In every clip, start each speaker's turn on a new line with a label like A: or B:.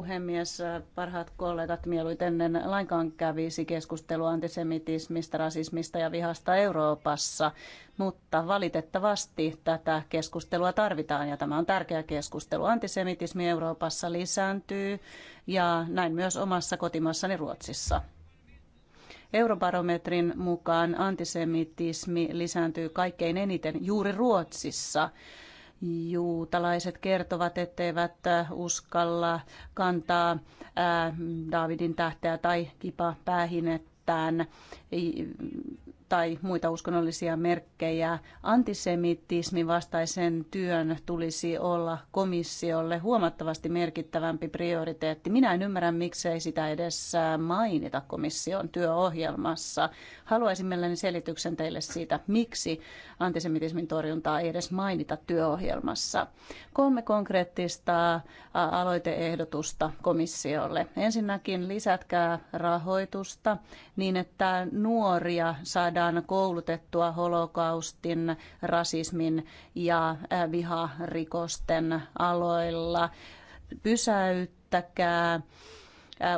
A: puhemies, parhaat kollegat, mieluiten ennen lainkaan kävisi keskustelua antisemitismistä, rasismista ja vihasta Euroopassa, mutta valitettavasti tätä keskustelua tarvitaan ja tämä on tärkeä keskustelu. Antisemitismi Euroopassa lisääntyy ja näin myös omassa kotimassani Ruotsissa. Eurobarometrin mukaan antisemitismi lisääntyy kaikkein eniten juuri Ruotsissa juutalaiset kertovat, etteivät äh, uskalla kantaa äh, Daavidin tähteä tai kipa päähinettään tai muita uskonnollisia merkkejä. Antisemitismin vastaisen työn tulisi olla komissiolle huomattavasti merkittävämpi prioriteetti. Minä en ymmärrä, miksei sitä edes mainita komission työohjelmassa. Haluaisin mielelläni selityksen teille siitä, miksi antisemitismin torjuntaa ei edes mainita työohjelmassa. Kolme konkreettista aloiteehdotusta komissiolle. Ensinnäkin lisätkää rahoitusta niin, että nuoria saadaan saadaan koulutettua holokaustin, rasismin ja äh, viharikosten aloilla. Pysäyttäkää äh,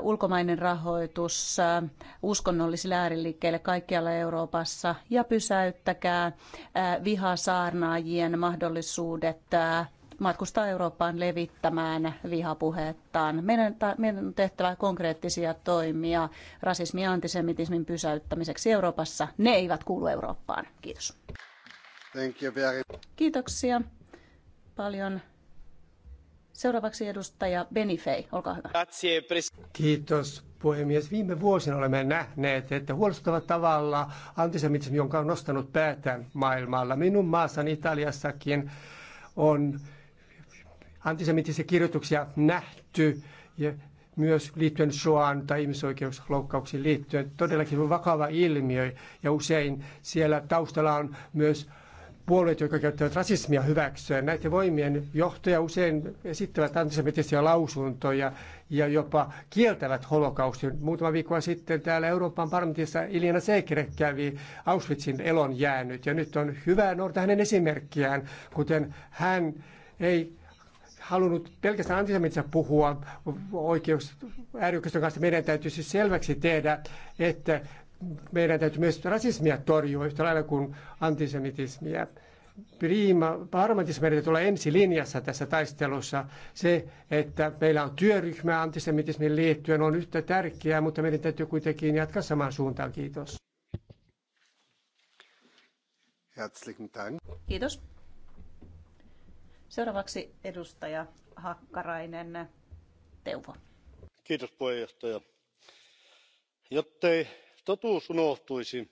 A: ulkomainen rahoitus äh, uskonnollisille ääriliikkeille kaikkialla Euroopassa ja pysäyttäkää vihasaarnaajien mahdollisuudet matkustaa Eurooppaan levittämään vihapuhettaan. Meidän, on tehtävä konkreettisia toimia rasismin ja antisemitismin pysäyttämiseksi Euroopassa. Ne eivät kuulu Eurooppaan. Kiitos.
B: Thank you very...
A: Kiitoksia paljon. Seuraavaksi edustaja Benifei, olkaa hyvä.
C: Kiitos puhemies. Viime vuosina olemme nähneet, että huolestuttava tavalla antisemitismi, jonka on nostanut päätään maailmalla, minun maassani Italiassakin, on antisemittisiä kirjoituksia nähty ja myös liittyen shoan tai ihmisoikeusloukkauksiin liittyen. Todellakin on vakava ilmiö ja usein siellä taustalla on myös puolueet, jotka käyttävät rasismia hyväkseen. Näiden voimien johtaja usein esittävät antisemitisiä lausuntoja ja jopa kieltävät holokaustin. Muutama viikko sitten täällä Euroopan parlamentissa Iljana Seikere kävi Auschwitzin elon jäänyt ja nyt on hyvä noudata hänen esimerkkiään, kuten hän ei halunnut pelkästään antisemitsä puhua oikeus äärioikeiston kanssa. Meidän täytyy siis selväksi tehdä, että meidän täytyy myös rasismia torjua yhtä lailla kuin antisemitismiä. Prima, parlamentissa meidän täytyy olla ensilinjassa tässä taistelussa. Se, että meillä on työryhmä antisemitismin liittyen, on yhtä tärkeää, mutta meidän täytyy kuitenkin jatkaa samaan suuntaan. Kiitos.
A: Kiitos. Seuraavaksi edustaja Hakkarainen
B: Teuvo. Kiitos puheenjohtaja. Jottei totuus unohtuisi,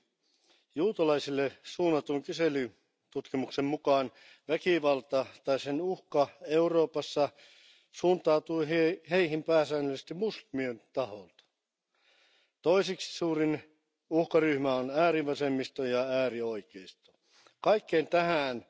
B: juutalaisille suunnatun kyselytutkimuksen mukaan väkivalta tai sen uhka Euroopassa suuntautui heihin pääsäännöllisesti muslimien taholta. Toiseksi suurin uhkaryhmä on äärivasemmisto ja äärioikeisto. Kaikkeen tähän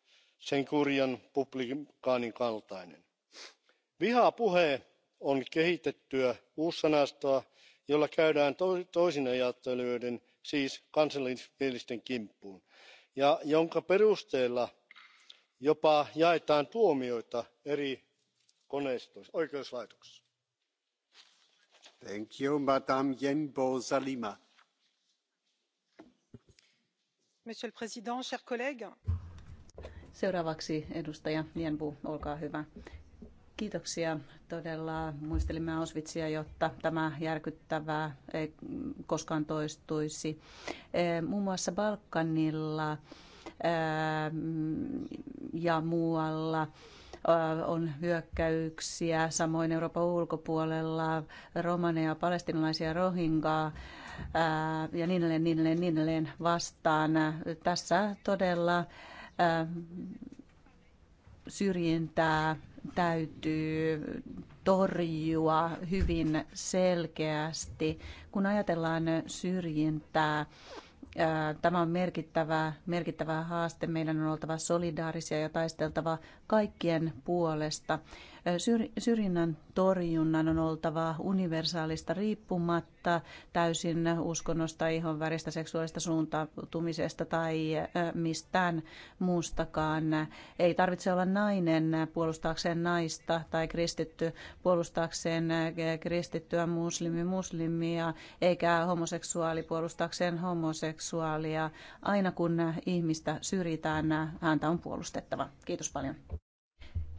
B: sen kurjan publikaanin kaltainen. vihapuhe on kehitettyä uussanastoa jolla käydään toisinajattelijoiden siis kansallismielisten kimppuun ja jonka perusteella jopa jaetaan tuomioita eri oikeuslaitoksissa.
A: monsieur le président chers collègues Seuraavaksi edustaja Nienbu, olkaa hyvä. Kiitoksia. Todella muistelimme Auschwitzia, jotta tämä järkyttävää ei koskaan toistuisi. E, muun muassa Balkanilla e, ja muualla e, on hyökkäyksiä, samoin Euroopan ulkopuolella romaneja, palestinalaisia, rohingaa ja niin edelleen, niin edelleen, niin edelleen vastaan. Tässä todella syrjintää täytyy torjua hyvin selkeästi. Kun ajatellaan syrjintää, Tämä on merkittävä, merkittävä haaste. Meidän on oltava solidaarisia ja taisteltava kaikkien puolesta. Syrjinnän torjunnan on oltava universaalista riippumatta täysin uskonnosta, ihonväristä, seksuaalista suuntautumisesta tai mistään muustakaan. Ei tarvitse olla nainen puolustaakseen naista tai kristitty puolustaakseen kristittyä muslimi muslimia, eikä homoseksuaali puolustaakseen homoseksuaalia. Aina kun ihmistä syrjitään, häntä on puolustettava. Kiitos paljon.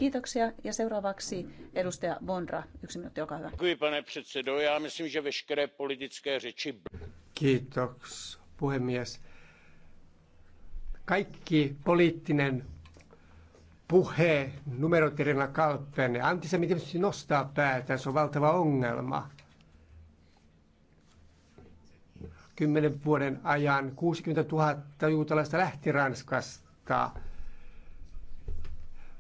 A: Kiitoksia. Ja seuraavaksi edustaja Vondra. Yksi minuutti, olkaa hyvä.
C: Kiitos, puhemies. Kaikki poliittinen puhe numeroterillä kalppenee. Antisemitismi nostaa päätään, se on valtava ongelma. Kymmenen vuoden ajan 60 000 juutalaista lähti Ranskasta –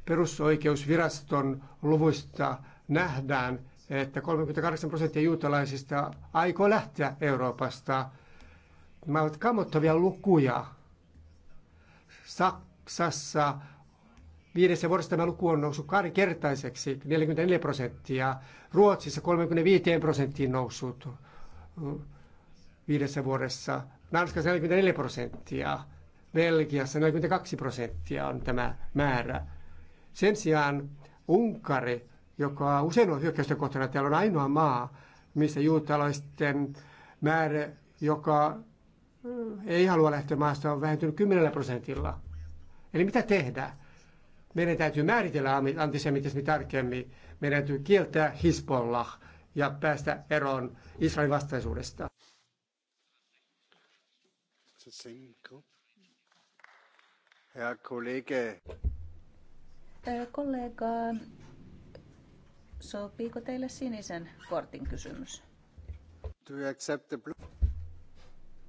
C: perusoikeusviraston luvuista nähdään, että 38 prosenttia juutalaisista aikoo lähteä Euroopasta. Nämä ovat kammottavia lukuja. Saksassa viidessä vuodessa tämä luku on noussut kahdenkertaiseksi, 44 prosenttia. Ruotsissa 35 prosenttiin noussut viidessä vuodessa. Ranskassa 44 prosenttia. Belgiassa 42 prosenttia on tämä määrä. Sen sijaan Unkari, joka usein on hyökkäysten kohtana, täällä on ainoa maa, missä juutalaisten määrä, joka äh, ei halua lähteä maasta, on vähentynyt 10 prosentilla. Eli mitä tehdä? Meidän täytyy määritellä antisemitismi tarkemmin. Meidän täytyy kieltää Hisbollah ja päästä eroon Israelin vastaisuudesta.
B: Herr Kollege.
A: Kollega, sopiiko teille sinisen kortin kysymys?
C: Do you accept the blue?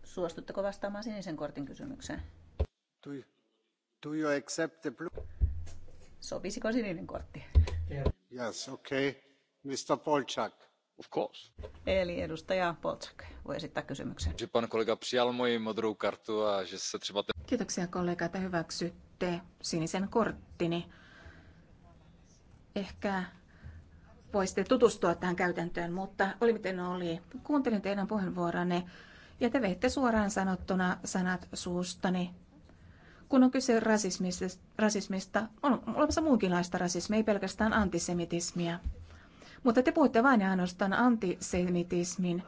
A: Suostutteko vastaamaan sinisen kortin kysymykseen?
B: Do you, do you accept the blue? Sopisiko sininen kortti? Yeah. Yes, okay. Mr. Polchak. Of course.
A: Eli edustaja Polchak voi esittää kysymyksen.
B: Pan kollega přijal moji modrou kartu a že se třeba...
D: Kiitoksia kollega, että hyväksytte sinisen korttini Ehkä voisitte tutustua tähän käytäntöön, mutta oli miten oli. Kuuntelin teidän puheenvuoronne ja te veitte suoraan sanottuna sanat suustani. Kun on kyse rasismista, rasismista on olemassa muunkinlaista rasismia, ei pelkästään antisemitismia, Mutta te puhutte vain ja ainoastaan antisemitismin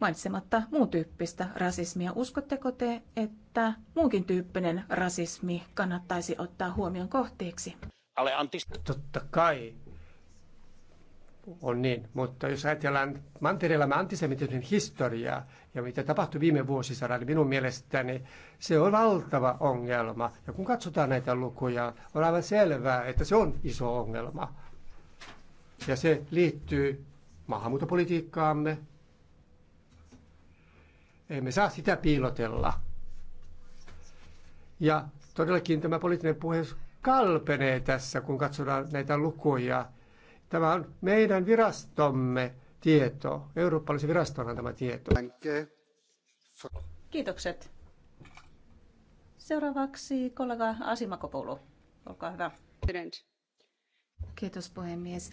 D: mainitsematta muun tyyppistä rasismia. Uskotteko te, että muunkin tyyppinen rasismi kannattaisi ottaa huomioon kohteeksi?
C: Ale antis... Totta kai on niin, mutta jos ajatellaan mantereellamme antisemitismin historiaa ja mitä tapahtui viime vuosisadalla, niin minun mielestäni se on valtava ongelma. Ja kun katsotaan näitä lukuja, on aivan selvää, että se on iso ongelma. Ja se liittyy maahanmuuttopolitiikkaamme. Emme saa sitä piilotella. Ja todellakin tämä poliittinen puhe kalpenee tässä, kun katsotaan näitä lukuja. Tämä on meidän virastomme tieto, eurooppalaisen viraston antama tieto.
A: Kiitokset. Seuraavaksi kollega Asimakopoulu. Olkaa hyvä. Kiitos puhemies.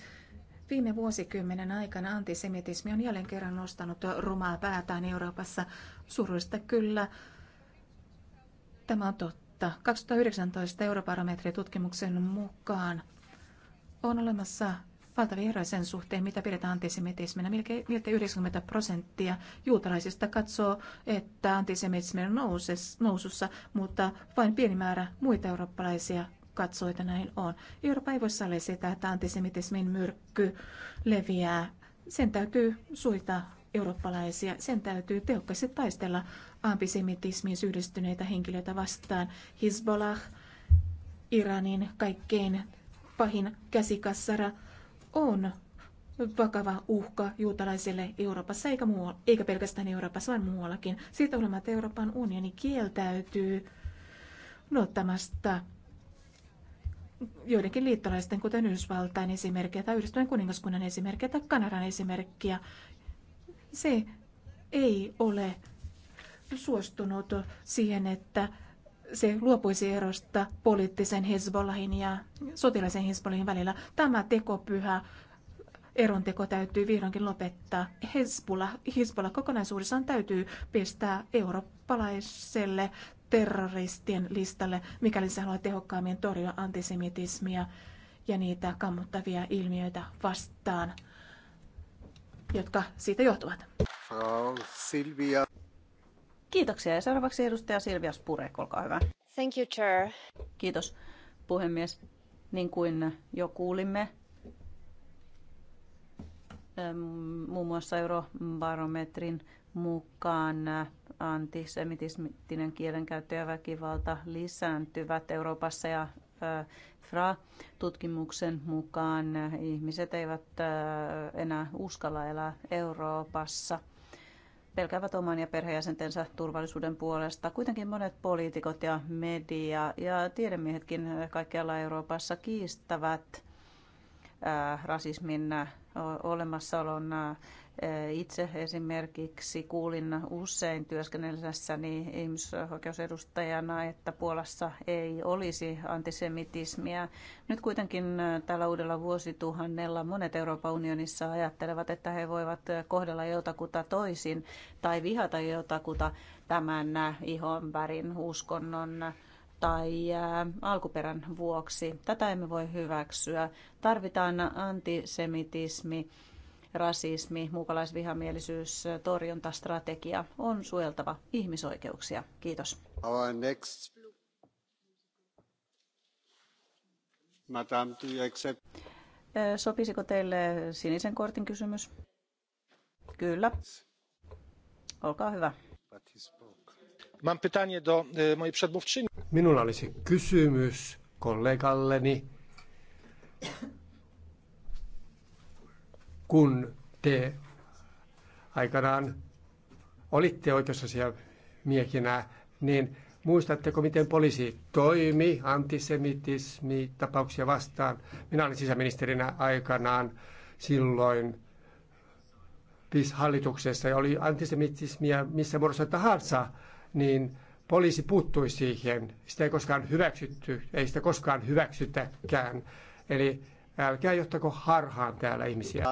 A: Viime vuosikymmenen aikana antisemitismi
D: on jälleen kerran nostanut rumaa päätään Euroopassa. Surullista kyllä. Tämä on totta vuodelta 2019 Eurobarometri-tutkimuksen mukaan on olemassa valtavia eroja sen suhteen, mitä pidetään antisemitisminä. Miltei 90 prosenttia juutalaisista katsoo, että antisemitismi on nousussa, mutta vain pieni määrä muita eurooppalaisia katsoo, että näin on. Eurooppa ei voi sallia sitä, että antisemitismin myrkky leviää. Sen täytyy suita eurooppalaisia. Sen täytyy tehokkaasti taistella antisemitismiin syyllistyneitä henkilöitä vastaan. Hezbollah, Iranin kaikkein pahin käsikassara on vakava uhka juutalaisille Euroopassa, eikä, muualla, eikä pelkästään Euroopassa, vaan muuallakin. Siitä huolimatta Euroopan unioni kieltäytyy noottamasta joidenkin liittolaisten, kuten Yhdysvaltain esimerkkejä tai Yhdistyneen kuningaskunnan esimerkkejä tai Kanadan esimerkkiä, se ei ole suostunut siihen, että se luopuisi erosta poliittisen Hezbollahin ja sotilaisen Hezbollahin välillä. Tämä tekopyhä eronteko täytyy vihdoinkin lopettaa. Hezbollah, Hezbollah kokonaisuudessaan täytyy pistää eurooppalaiselle terroristien listalle, mikäli se haluaa tehokkaammin torjua antisemitismia ja niitä kammottavia ilmiöitä vastaan jotka
A: siitä johtuvat.
B: Frau Silvia.
A: Kiitoksia ja seuraavaksi edustaja Silvia Spure, olkaa hyvä. Thank you, Chair. Kiitos puhemies. Niin kuin jo kuulimme, muun muassa eurobarometrin mukaan antisemitistinen kielenkäyttö ja väkivalta lisääntyvät Euroopassa ja FRA-tutkimuksen mukaan ihmiset eivät enää uskalla elää Euroopassa – pelkäävät oman ja perhejäsentensä turvallisuuden puolesta. Kuitenkin monet poliitikot ja media ja tiedemiehetkin kaikkialla Euroopassa kiistävät rasismin olemassaolon Eh, itse esimerkiksi kuulin usein työskennellessäni ihmisoikeusedustajana, että Puolassa ei olisi antisemitismiä. Nyt kuitenkin eh, tällä uudella vuosituhannella monet Euroopan unionissa ajattelevat, että he voivat eh, kohdella jotakuta toisin tai vihata jotakuta tämän ihonvärin, uskonnon tai alkuperän vuoksi. Tätä emme voi hyväksyä. Tarvitaan antisemitismi rasismi, muukalaisvihamielisyys, torjuntastrategia on suojeltava ihmisoikeuksia. Kiitos.
B: Our next. Madame, do you accept?
A: Sopisiko teille sinisen kortin kysymys? Kyllä. Olkaa hyvä.
C: Minulla olisi kysymys kollegalleni kun te aikanaan olitte oikeusasiamiehinä, niin muistatteko, miten poliisi toimi antisemitismi tapauksia vastaan? Minä olin sisäministerinä aikanaan silloin hallituksessa ja oli antisemitismiä missä muodossa tahansa, niin poliisi puuttui siihen. Sitä ei koskaan hyväksytty, ei sitä koskaan hyväksytäkään. Eli Älkää johtako harhaan täällä ihmisiä.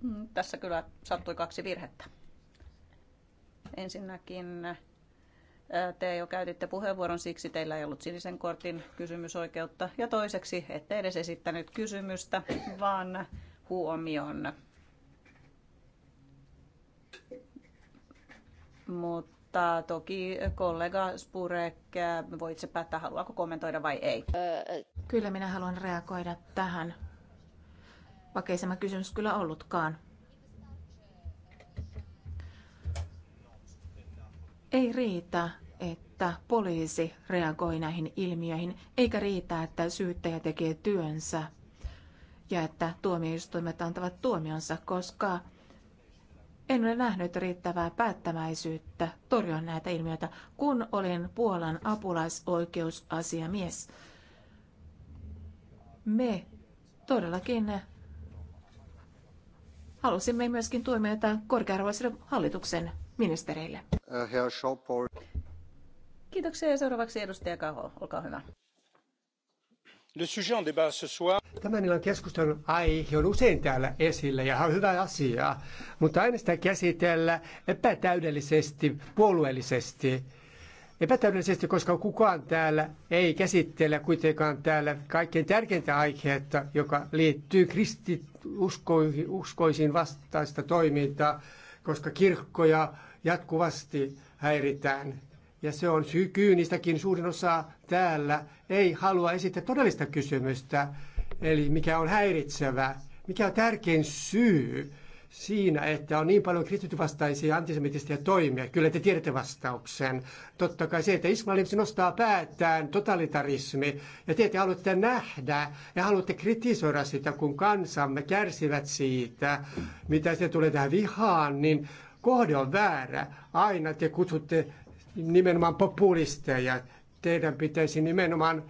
A: Mm, tässä kyllä sattui kaksi virhettä. Ensinnäkin te jo käytitte puheenvuoron, siksi teillä ei ollut sinisen kortin kysymysoikeutta. Ja toiseksi, ette edes esittänyt kysymystä, vaan huomion. Mut mutta toki kollega Spurek voit se päättää, haluaako kommentoida vai ei.
D: Kyllä minä haluan reagoida tähän, vaikka ei kysymys kyllä ollutkaan. Ei riitä, että poliisi reagoi näihin ilmiöihin, eikä riitä, että syyttäjä tekee työnsä ja että tuomioistuimet antavat tuomionsa, koska en ole nähnyt riittävää päättämäisyyttä torjua näitä ilmiöitä, kun olin Puolan apulaisoikeusasiamies. Me todellakin halusimme myöskin tuomioita korkearvoisille
A: hallituksen ministereille. Äh, Kiitoksia ja seuraavaksi edustaja Kaho, olkaa hyvä.
C: Tämän illan keskustelun aihe on usein täällä esillä ja on hyvä asia, mutta aina sitä käsitellä epätäydellisesti, puolueellisesti. Epätäydellisesti, koska kukaan täällä ei käsittele kuitenkaan täällä kaikkein tärkeintä aiheetta, joka liittyy kristiuskoisiin vastaista toimintaa, koska kirkkoja jatkuvasti häiritään ja se on kyynistäkin, suurin osa täällä ei halua esittää todellista kysymystä, eli mikä on häiritsevä, mikä on tärkein syy siinä, että on niin paljon kristityvastaisia antisemitistisiä toimia. Kyllä te tiedätte vastauksen. Totta kai se, että islamismi nostaa päätään totalitarismi, ja te ette haluatte nähdä, ja haluatte kritisoida sitä, kun kansamme kärsivät siitä, mitä se tulee tähän vihaan, niin kohde on väärä. Aina te kutsutte nimenomaan populisteja. Teidän pitäisi nimenomaan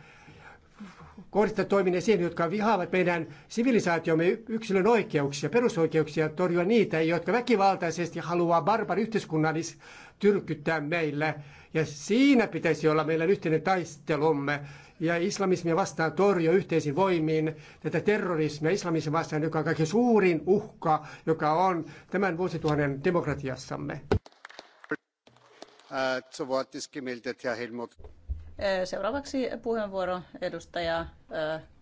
C: kohdistaa toiminnan siihen, jotka vihaavat meidän sivilisaatiomme yksilön oikeuksia, perusoikeuksia, torjua niitä, jotka väkivaltaisesti haluaa barbar yhteiskunnallis tyrkyttää meille. Ja siinä pitäisi olla meidän yhteinen taistelumme ja islamismia vastaan torjua yhteisin voimin tätä terrorismia islamismia vastaan, joka on kaikkein suurin uhka, joka on tämän vuosituhannen demokratiassamme.
B: Äh, äh,
A: seuraavaksi puheenvuoro edustaja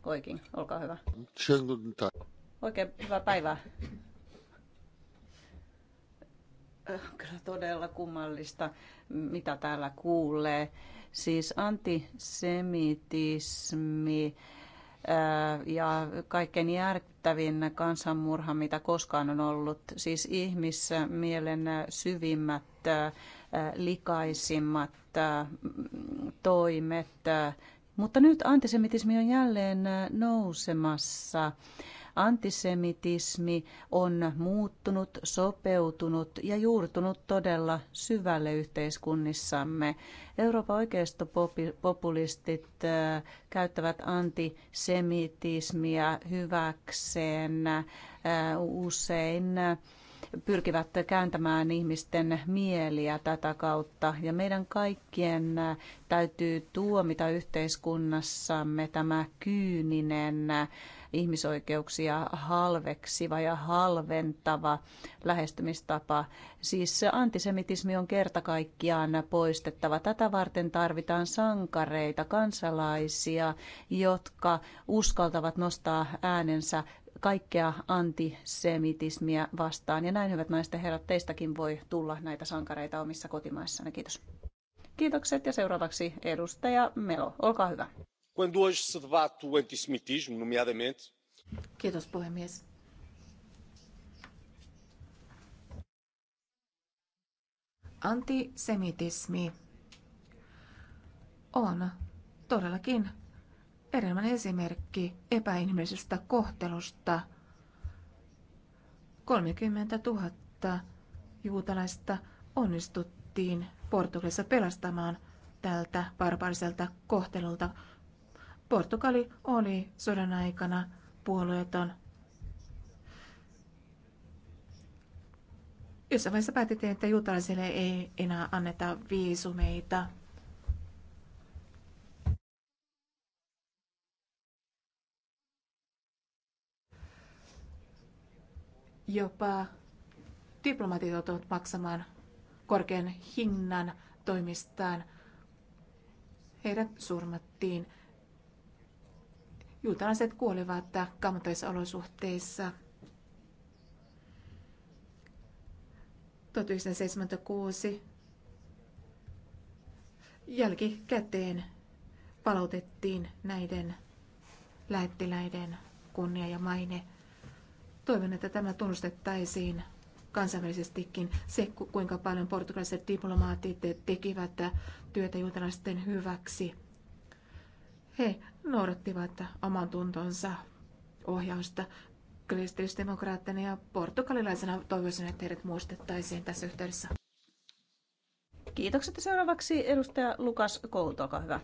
A: Koikin, äh, olkaa hyvä. Oikein hyvää päivää. Kyllä todella kummallista, mitä täällä kuulee. Siis antisemitismi ja kaikkein järkyttävin kansanmurha, mitä koskaan on ollut. Siis ihmismielen syvimmät likaisimmat äh, toimet. Mutta nyt antisemitismi on jälleen äh, nousemassa. Antisemitismi on muuttunut, sopeutunut ja juurtunut todella syvälle yhteiskunnissamme. Euroopan oikeistopopulistit äh, käyttävät antisemitismiä hyväkseen usein pyrkivät kääntämään ihmisten mieliä tätä kautta. Ja meidän kaikkien täytyy tuomita yhteiskunnassamme tämä kyyninen ihmisoikeuksia halveksiva ja halventava lähestymistapa. Siis antisemitismi on kerta kaikkiaan poistettava. Tätä varten tarvitaan sankareita, kansalaisia, jotka uskaltavat nostaa äänensä kaikkea antisemitismiä vastaan. Ja näin, hyvät naiset ja herrat, teistäkin voi tulla näitä sankareita omissa kotimaissanne. Kiitos. Kiitokset ja seuraavaksi edustaja Melo. Olkaa hyvä.
B: se
A: Kiitos puhemies.
D: Antisemitismi on todellakin Eräänlainen esimerkki epäinhimillisestä kohtelusta. 30 000 juutalaista onnistuttiin Portugalissa pelastamaan tältä barbaariselta kohtelulta. Portugali oli sodan aikana puolueeton. Jossain vaiheessa päätettiin, että juutalaisille ei enää anneta viisumeita. Jopa diplomatit joutuvat maksamaan korkean hinnan toimistaan. Heidät surmattiin. Juutalaiset kuolivat kammottavissa olosuhteissa. 1976 jälkikäteen palautettiin näiden lähettiläiden kunnia ja maine. Toivon, että tämä tunnustettaisiin kansainvälisestikin se, kuinka paljon portugalaiset diplomaatit tekivät työtä juutalaisten hyväksi. He noudattivat oman tuntonsa ohjausta. Kristillisdemokraattina ja portugalilaisena toivoisin, että heidät muistettaisiin tässä yhteydessä.
A: Kiitokset seuraavaksi edustaja Lukas Kouto, olkaa hyvä.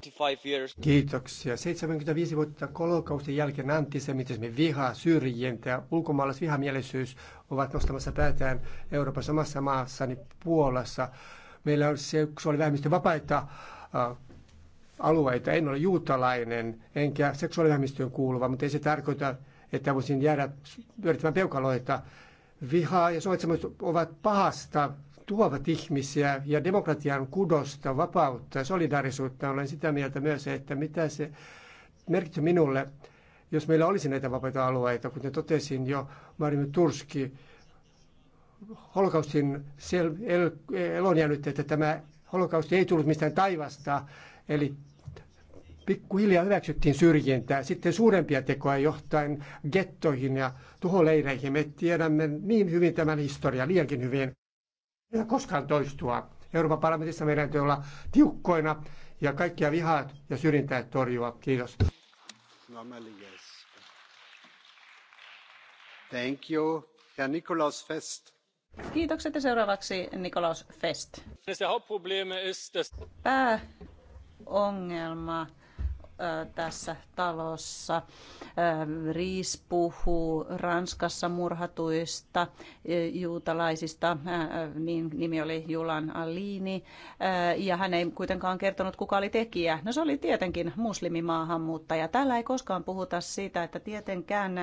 C: Kiitoksia. 75 vuotta kolokausten jälkeen antisemitismi, viha, syrjintä ja vihamielisyys ovat nostamassa päätään Euroopan samassa niin Puolassa. Meillä on seksuaalivähemmistön vapaita äh, alueita. En ole juutalainen, enkä seksuaalivähemmistöön kuuluva, mutta ei se tarkoita, että voisin jäädä pyörittämään peukaloita. Viha ja suojatsemus ovat pahasta tuovat ihmisiä ja demokratian kudosta, vapautta ja solidaarisuutta. Olen sitä mieltä myös, että mitä se merkitsee minulle, jos meillä olisi näitä vapaita alueita, kuten totesin jo Marimme Turski, holokaustin sel- el- elon jäänyt, että tämä holokausti ei tullut mistään taivasta, eli pikkuhiljaa hyväksyttiin syrjintää, sitten suurempia tekoja johtain gettoihin ja tuholeireihin. Me tiedämme niin hyvin tämän historian, liiankin hyvin enää koskaan toistua. Euroopan parlamentissa meidän täytyy olla tiukkoina ja kaikkia vihaa ja syrjintää torjua. Kiitos. No, Thank you. Ja Nikolaus
B: Fest.
A: Kiitokset ja seuraavaksi Nikolaus Fest. Pääongelma tässä talossa. Riis puhuu Ranskassa murhatuista juutalaisista, niin nimi oli Julan Alini, ja hän ei kuitenkaan kertonut, kuka oli tekijä. No se oli tietenkin muslimimaahanmuuttaja. Täällä ei koskaan puhuta siitä, että tietenkään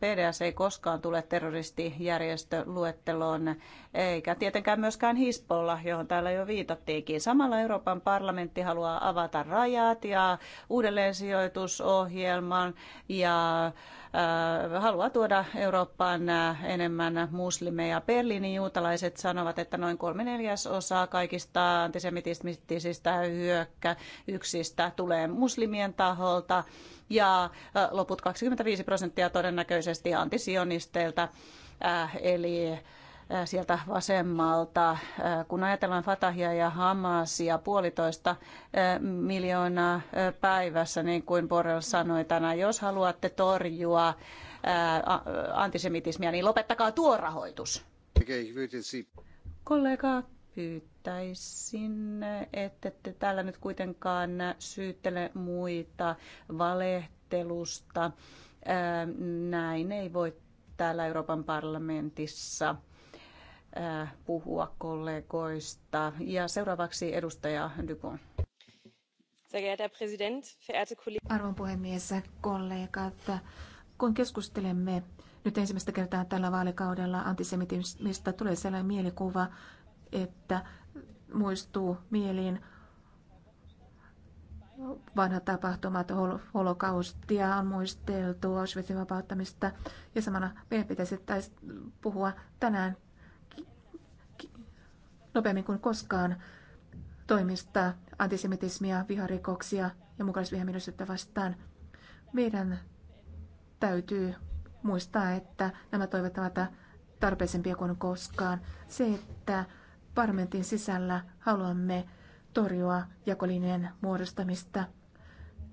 A: PDS ei koskaan tule terroristijärjestöluetteloon, eikä tietenkään myöskään Hispolla, johon täällä jo viitattiinkin. Samalla Euroopan parlamentti haluaa avata rajat ja uudelleensijoitusohjelman ja haluaa tuoda Eurooppaan enemmän muslimeja. Berliinin juutalaiset sanovat, että noin kolme neljäsosaa kaikista antisemitistisistä hyökkäyksistä tulee muslimien taholta ja loput 25 prosenttia todennäköisesti antisionisteilta. Eli sieltä vasemmalta. Kun ajatellaan Fatahia ja Hamasia puolitoista miljoonaa päivässä, niin kuin Borrell sanoi tänään, jos haluatte torjua antisemitismia, niin lopettakaa tuo rahoitus. Kollega pyytäisin, että te täällä nyt kuitenkaan syyttele muita valehtelusta. Näin ei voi täällä Euroopan parlamentissa Äh, puhua kollegoista. Ja seuraavaksi edustaja Dupont.
D: Arvon puhemies, kollegat, kun keskustelemme nyt ensimmäistä kertaa tällä vaalikaudella antisemitismista, tulee sellainen mielikuva, että muistuu mieliin vanhat tapahtumat, holokaustia on muisteltu, Auschwitzin vapauttamista ja samana meidän pitäisi puhua tänään nopeammin kuin koskaan toimista antisemitismia, viharikoksia ja mukaisvihamielisyyttä vastaan. Meidän täytyy muistaa, että nämä toimet ovat tarpeisempia kuin koskaan. Se, että parlamentin sisällä haluamme torjua jakolinjojen muodostamista,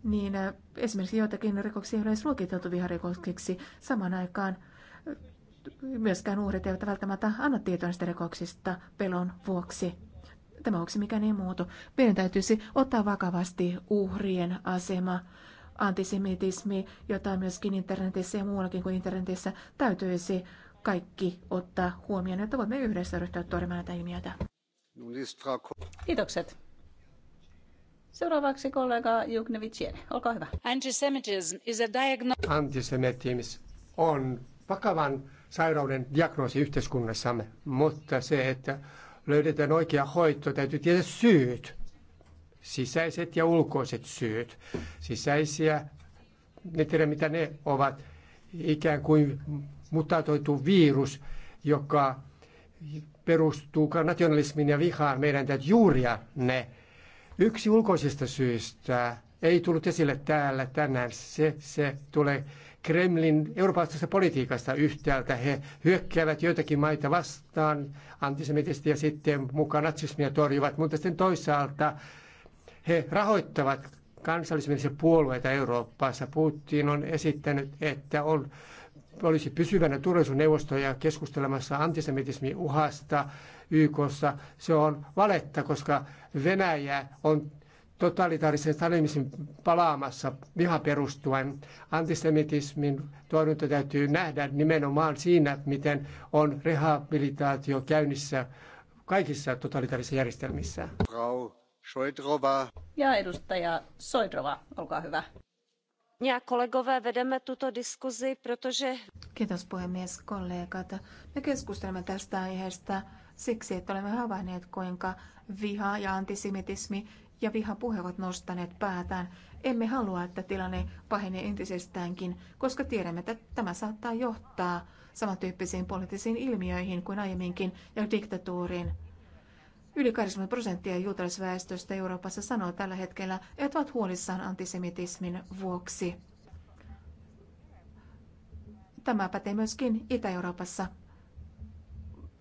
D: niin esimerkiksi joitakin rikoksia ei ole edes luokiteltu viharikoksiksi samaan aikaan Myöskään uhrit eivät välttämättä anna tietoa näistä rikoksista pelon vuoksi. Tämä vuoksi mikään ei muutu. Meidän täytyisi ottaa vakavasti uhrien asema. Antisemitismi, jota myöskin internetissä ja muuallakin kuin internetissä täytyisi kaikki ottaa huomioon, että voimme yhdessä ryhtyä torjumaan näitä
A: ilmiöitä. Kiitokset. Seuraavaksi kollega Juknevitsien, olkaa hyvä. Antisemitism is a diagnosis.
C: Antisemitism on vakavan sairauden diagnoosi yhteiskunnassamme, mutta se, että löydetään oikea hoito, täytyy tietää syyt, sisäiset ja ulkoiset syyt. Sisäisiä, ne tiedä mitä ne ovat, ikään kuin mutatoitu virus, joka perustuu nationalismiin ja vihaan. Meidän täytyy juuria ne. Yksi ulkoisista syistä ei tullut esille täällä tänään. Se, se tulee Kremlin eurooppalaisesta politiikasta yhtäältä. He hyökkäävät joitakin maita vastaan antisemitisti ja sitten mukaan natsismia torjuvat, mutta sitten toisaalta he rahoittavat kansallismielisiä puolueita Euroopassa. Putin on esittänyt, että on, olisi pysyvänä turvallisuusneuvostoja keskustelemassa antisemitismin uhasta YKssa. Se on valetta, koska Venäjä on totalitaarisen stalinismin palaamassa viha perustuen. Antisemitismin torjunta täytyy nähdä nimenomaan siinä, miten on rehabilitaatio käynnissä kaikissa totalitaarisissa järjestelmissä.
B: Frau Šojdrova.
A: Ja edustaja Soidrova, olkaa hyvä. Ja kollegové, vedeme tuto diskusi, protože...
D: Kiitos puhemies, kollegat. Me keskustelemme tästä aiheesta siksi, että olemme havainneet, kuinka viha ja antisemitismi ja vihapuhe ovat nostaneet päätään. Emme halua, että tilanne pahenee entisestäänkin, koska tiedämme, että tämä saattaa johtaa samantyyppisiin poliittisiin ilmiöihin kuin aiemminkin ja diktatuuriin. Yli 80 prosenttia juutalaisväestöstä Euroopassa sanoo tällä hetkellä, että ovat huolissaan antisemitismin vuoksi. Tämä pätee myöskin Itä-Euroopassa,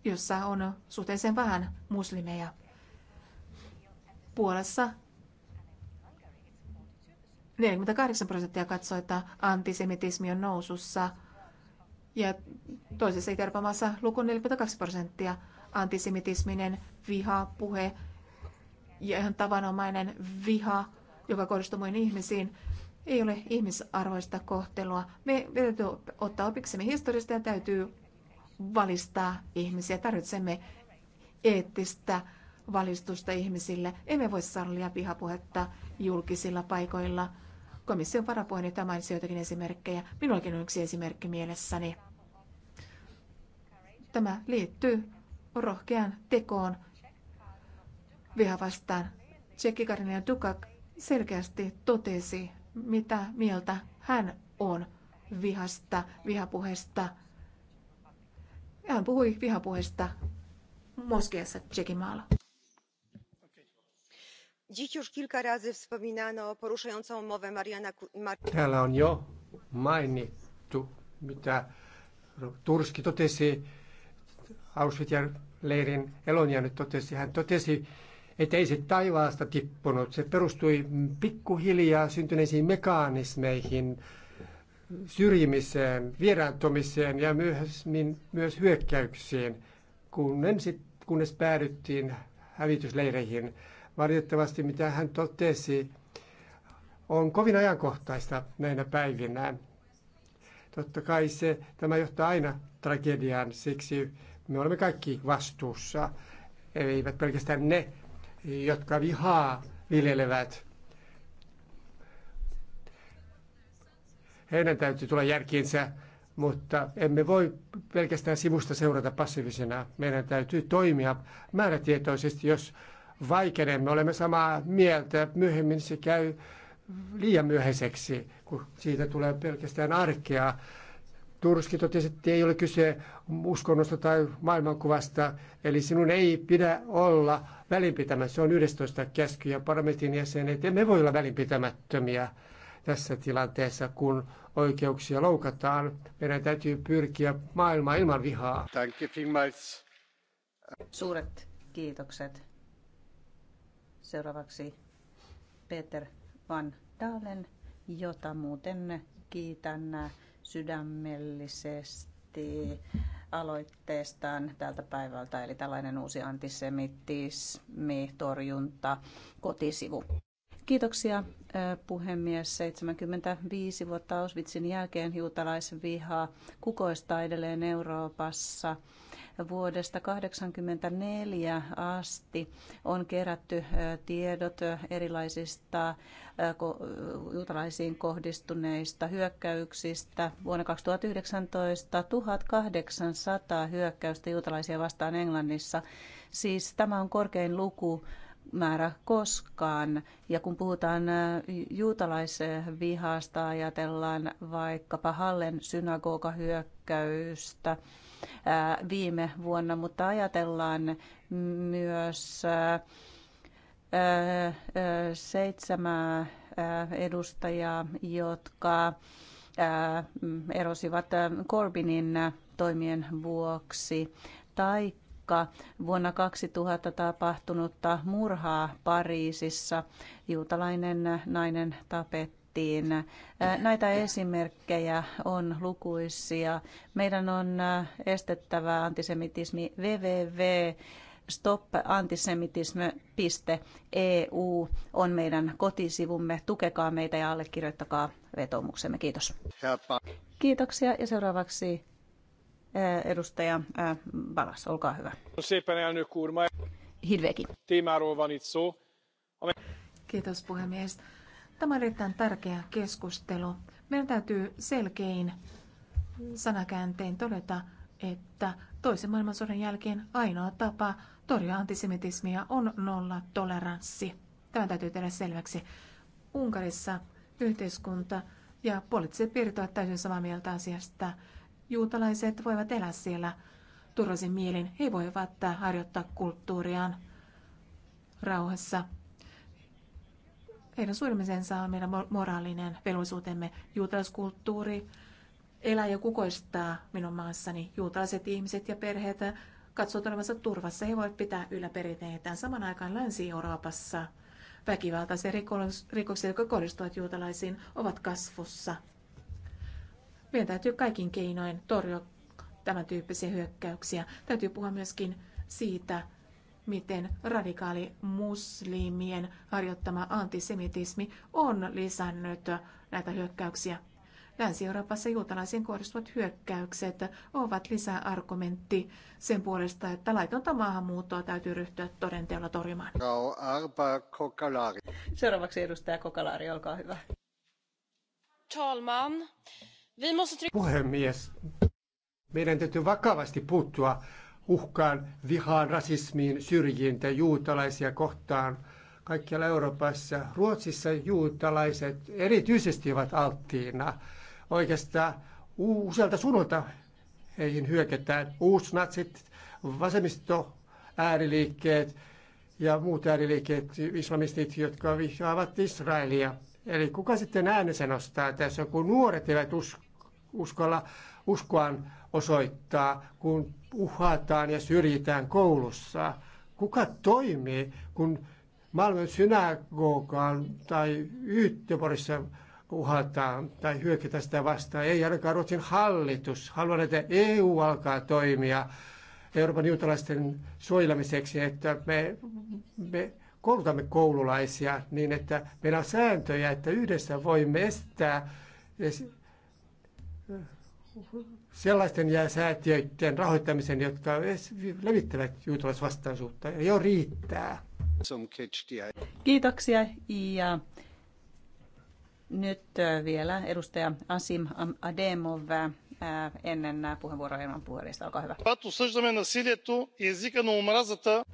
D: jossa on suhteellisen vähän muslimeja. Puolassa 48 prosenttia katsoi, että antisemitismi on nousussa ja toisessa itä euroopassa luku 42 prosenttia. Antisemitisminen viha, puhe ja ihan tavanomainen viha, joka kohdistuu muihin ihmisiin, ei ole ihmisarvoista kohtelua. Me täytyy ottaa opiksemme historiasta ja täytyy valistaa ihmisiä. Tarvitsemme eettistä valistusta ihmisille. Emme voi sallia vihapuhetta julkisilla paikoilla. Komission varapuheenjohtaja mainitsi joitakin esimerkkejä. Minullakin on yksi esimerkki mielessäni. Tämä liittyy rohkean tekoon viha vastaan. Tsekki Karinen Dukak selkeästi totesi, mitä mieltä hän on vihasta, vihapuheesta. Hän puhui vihapuheesta Moskeassa Tsekimaalla.
B: Dziś już kilka razy wspominano
D: poruszającą mowę Mariana...
C: Täällä on jo mainittu, mitä Turski totesi, Auschwitz-leirin elonjäänyt totesi. Hän totesi, että ei se taivaasta tippunut. Se perustui pikkuhiljaa syntyneisiin mekanismeihin, syrjimiseen, vieraantumiseen ja myöhemmin myös hyökkäyksiin, kunnes, kunnes päädyttiin hävitysleireihin. Valitettavasti mitä hän totesi on kovin ajankohtaista näinä päivinä. Totta kai se, tämä johtaa aina tragediaan, siksi me olemme kaikki vastuussa. Eivät pelkästään ne, jotka vihaa viljelevät. Heidän täytyy tulla järkiinsä, mutta emme voi pelkästään sivusta seurata passiivisena. Meidän täytyy toimia määrätietoisesti, jos vaikenee. Me olemme samaa mieltä. Myöhemmin se käy liian myöhäiseksi, kun siitä tulee pelkästään arkea. Turski totesi, että ei ole kyse uskonnosta tai maailmankuvasta, eli sinun ei pidä olla välinpitämättä. Se on 11 käsky ja parlamentin jäsenet, emme voi olla välinpitämättömiä tässä tilanteessa, kun oikeuksia loukataan. Meidän täytyy pyrkiä maailmaan ilman vihaa.
B: Suuret
A: kiitokset. Seuraavaksi Peter Van Dalen, jota muuten kiitän sydämellisesti aloitteestaan tältä päivältä, eli tällainen uusi antisemitismi, torjunta, kotisivu. Kiitoksia puhemies. 75 vuotta Auschwitzin jälkeen hiutalaisvihaa kukoistaa edelleen Euroopassa. Vuodesta 1984 asti on kerätty tiedot erilaisista juutalaisiin kohdistuneista hyökkäyksistä. Vuonna 2019 1800 hyökkäystä juutalaisia vastaan Englannissa. Siis tämä on korkein luku määrä koskaan. Ja kun puhutaan juutalaisvihasta, ajatellaan vaikkapa Hallen synagogahyökkäystä viime vuonna, mutta ajatellaan myös seitsemää edustajaa, jotka erosivat Corbynin toimien vuoksi, taikka vuonna 2000 tapahtunutta murhaa Pariisissa. Juutalainen nainen tapetti tehtiin. Äh, näitä esimerkkejä on lukuisia. Meidän on äh, estettävä antisemitismi www stopantisemitism.eu e on meidän kotisivumme. Tukekaa meitä ja allekirjoittakaa vetomuksemme. Kiitos. Kiitoksia ja seuraavaksi äh, edustaja Balas, olkaa hyvä. Hidveki. Kiitos puhemies.
D: Tämä on erittäin tärkeä keskustelu. Meidän täytyy selkein sanakääntein todeta, että toisen maailmansodan jälkeen ainoa tapa torjua antisemitismia on nolla toleranssi. Tämä täytyy tehdä selväksi. Unkarissa yhteiskunta ja poliittiset piirit ovat täysin samaa mieltä asiasta. Juutalaiset voivat elää siellä turvallisin mielin. He voivat harjoittaa kulttuuriaan rauhassa. Heidän surmisensa on meidän moraalinen velvollisuutemme. Juutalaiskulttuuri elää ja kukoistaa minun maassani. Juutalaiset ihmiset ja perheet katsovat olevansa turvassa. He voivat pitää yllä perinteitään. Saman aikaan Länsi-Euroopassa väkivaltaiset rikokset, jotka kohdistuvat juutalaisiin, ovat kasvussa. Meidän täytyy kaikin keinoin torjua tämän tyyppisiä hyökkäyksiä. Täytyy puhua myöskin siitä, miten radikaali muslimien harjoittama antisemitismi on lisännyt näitä hyökkäyksiä. Länsi-Euroopassa juutalaisiin kohdistuvat hyökkäykset ovat lisäargumentti sen puolesta, että laitonta maahanmuuttoa täytyy
A: ryhtyä todenteolla torjumaan. Seuraavaksi edustaja Kokalaari, olkaa hyvä.
E: Talman.
C: Puhemies, meidän täytyy vakavasti puuttua uhkaan, vihaan, rasismiin, syrjintään juutalaisia kohtaan kaikkialla Euroopassa. Ruotsissa juutalaiset erityisesti ovat alttiina. Oikeastaan usealta sunulta heihin hyökätään. Uusnatsit, vasemmisto, ääriliikkeet ja muut ääriliikkeet, islamistit, jotka vihaavat Israelia. Eli kuka sitten äänensä nostaa tässä, kun nuoret eivät uskalla uskoaan osoittaa, kun uhataan ja syrjitään koulussa? Kuka toimii, kun Malmön synagogaan tai Yhtöporissa uhataan tai hyökätä sitä vastaan. Ei ainakaan Ruotsin hallitus. Haluan, että EU alkaa toimia Euroopan juutalaisten suojelemiseksi, että me, me koulutamme koululaisia niin, että meillä on sääntöjä, että yhdessä voimme estää sellaisten ja säätiöiden rahoittamisen, jotka levittävät juutalaisvastaisuutta. jo riittää.
A: Kiitoksia ja nyt vielä edustaja Asim Ademov ennen puheenvuoroa ilman puhelista. Olkaa hyvä.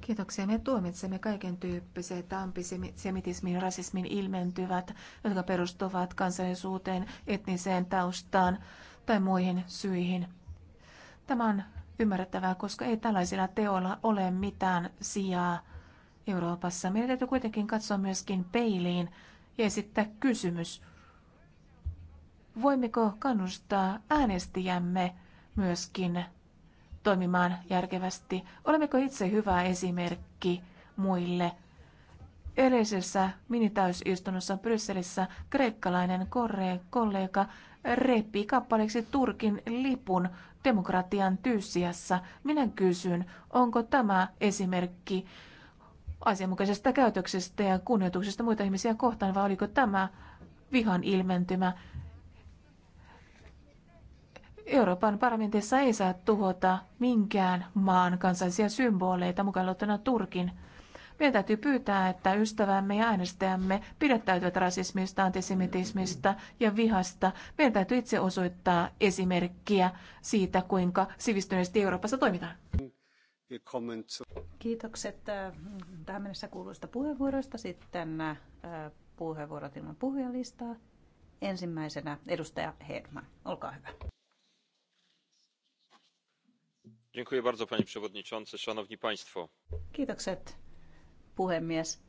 D: Kiitoksia. Me tuomitsemme kaiken tyyppiset antisemitismin ja rasismin ilmentyvät, jotka perustuvat kansallisuuteen, etniseen taustaan tai muihin syihin. Tämä on ymmärrettävää, koska ei tällaisilla teoilla ole mitään sijaa Euroopassa. Meidän täytyy kuitenkin katsoa myöskin peiliin ja esittää kysymys. Voimmeko kannustaa äänestäjämme myöskin toimimaan järkevästi? Olemmeko itse hyvä esimerkki muille? Eilisessä minitäysistunnossa Brysselissä kreikkalainen kollega repii kappaleeksi Turkin lipun demokratian tyyssiässä. Minä kysyn, onko tämä esimerkki asianmukaisesta käytöksestä ja kunnioituksesta muita ihmisiä kohtaan, vai oliko tämä vihan ilmentymä? Euroopan parlamentissa ei saa tuhota minkään maan kansallisia symboleita, mukaan Turkin. Meidän täytyy pyytää, että ystävämme ja äänestäjämme pidättäytyvät rasismista, antisemitismista ja vihasta. Meidän täytyy itse osoittaa esimerkkiä
A: siitä, kuinka sivistyneesti Euroopassa toimitaan. Kiitokset äh, tähän mennessä kuuluista puheenvuoroista. Sitten äh, puheenvuorot ilman puhujalistaa. Ensimmäisenä edustaja Hedman. Olkaa hyvä.
D: Dziękuję bardzo, panie przewodniczący, szanowni państwo.
A: Kiitokset, puhemies.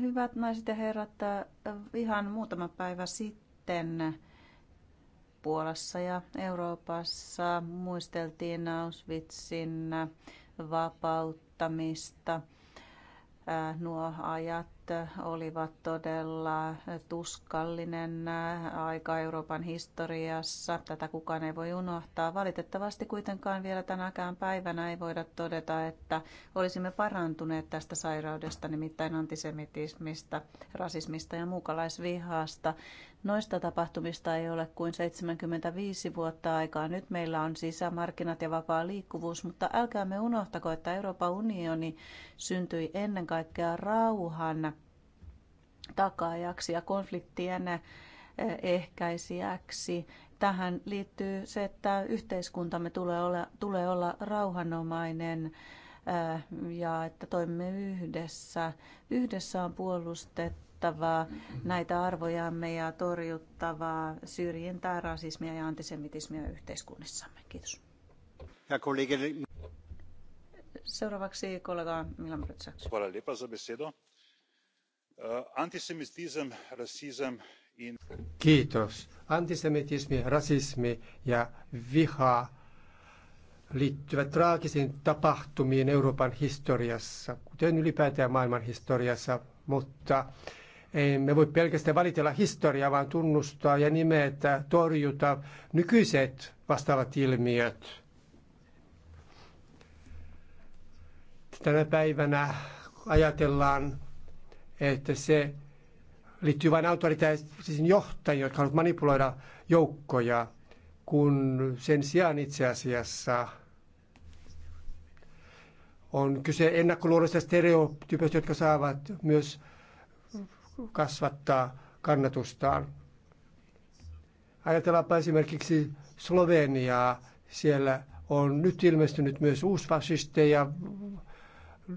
A: Hyvät naiset ja herrat, ihan muutama päivä sitten Puolassa ja Euroopassa muisteltiin Auschwitzin vapauttamista. Nuo ajat olivat todella tuskallinen aika Euroopan historiassa. Tätä kukaan ei voi unohtaa. Valitettavasti kuitenkaan vielä tänäkään päivänä ei voida todeta, että olisimme parantuneet tästä sairaudesta, nimittäin antisemitismistä, rasismista ja muukalaisvihasta. Noista tapahtumista ei ole kuin 75 vuotta aikaa. Nyt meillä on sisämarkkinat ja vapaa liikkuvuus, mutta älkäämme unohtako, että Euroopan unioni syntyi ennen kaikkea rauhan takaajaksi ja konfliktien eh, ehkäisijäksi. Tähän liittyy se, että yhteiskuntamme tulee olla, tulee olla rauhanomainen eh, ja että toimimme yhdessä. Yhdessä on puolustettu suojeltavaa näitä arvojamme ja torjuttavaa syrjintää, rasismia ja antisemitismia yhteiskunnissamme. Kiitos.
B: Ja kollegi...
A: Seuraavaksi kollega Milan Brzezac. Hvala za besedo. Eh, antisemitizem, rasism in...
C: Kiitos. Antisemitismi, rasismi ja viha liittyvät traagisiin tapahtumiin Euroopan historiassa, kuten ylipäätään maailman historiassa, mutta ei me voi pelkästään valitella historiaa, vaan tunnustaa ja nimetä, torjuta nykyiset vastaavat ilmiöt. Tänä päivänä ajatellaan, että se liittyy vain autoritaisiin johtajiin, jotka haluavat manipuloida joukkoja, kun sen sijaan itse asiassa on kyse ennakkoluuloisista stereotypioista, jotka saavat myös kasvattaa kannatustaan. Ajatellaanpa esimerkiksi Sloveniaa. Siellä on nyt ilmestynyt myös uusfasisteja.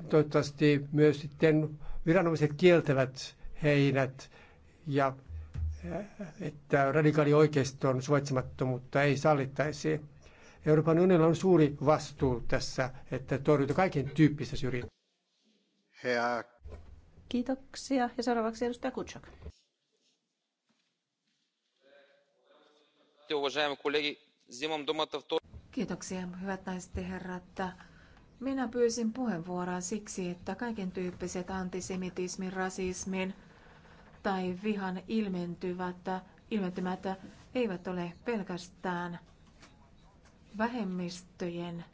C: Toivottavasti myös sitten viranomaiset kieltävät heinät ja eh, että radikaali oikeiston suvaitsemattomuutta ei sallittaisi. Euroopan unionilla on suuri vastuu tässä, että torjutaan kaiken tyyppistä syrjintää.
A: Herr Kiitoksia. Ja seuraavaksi edustaja Kutsak.
D: Kiitoksia, hyvät naiset ja herrat. Minä pyysin puheenvuoroa siksi, että kaiken tyyppiset antisemitismin, rasismin tai vihan ilmentyvät, ilmentymät eivät ole pelkästään vähemmistöjen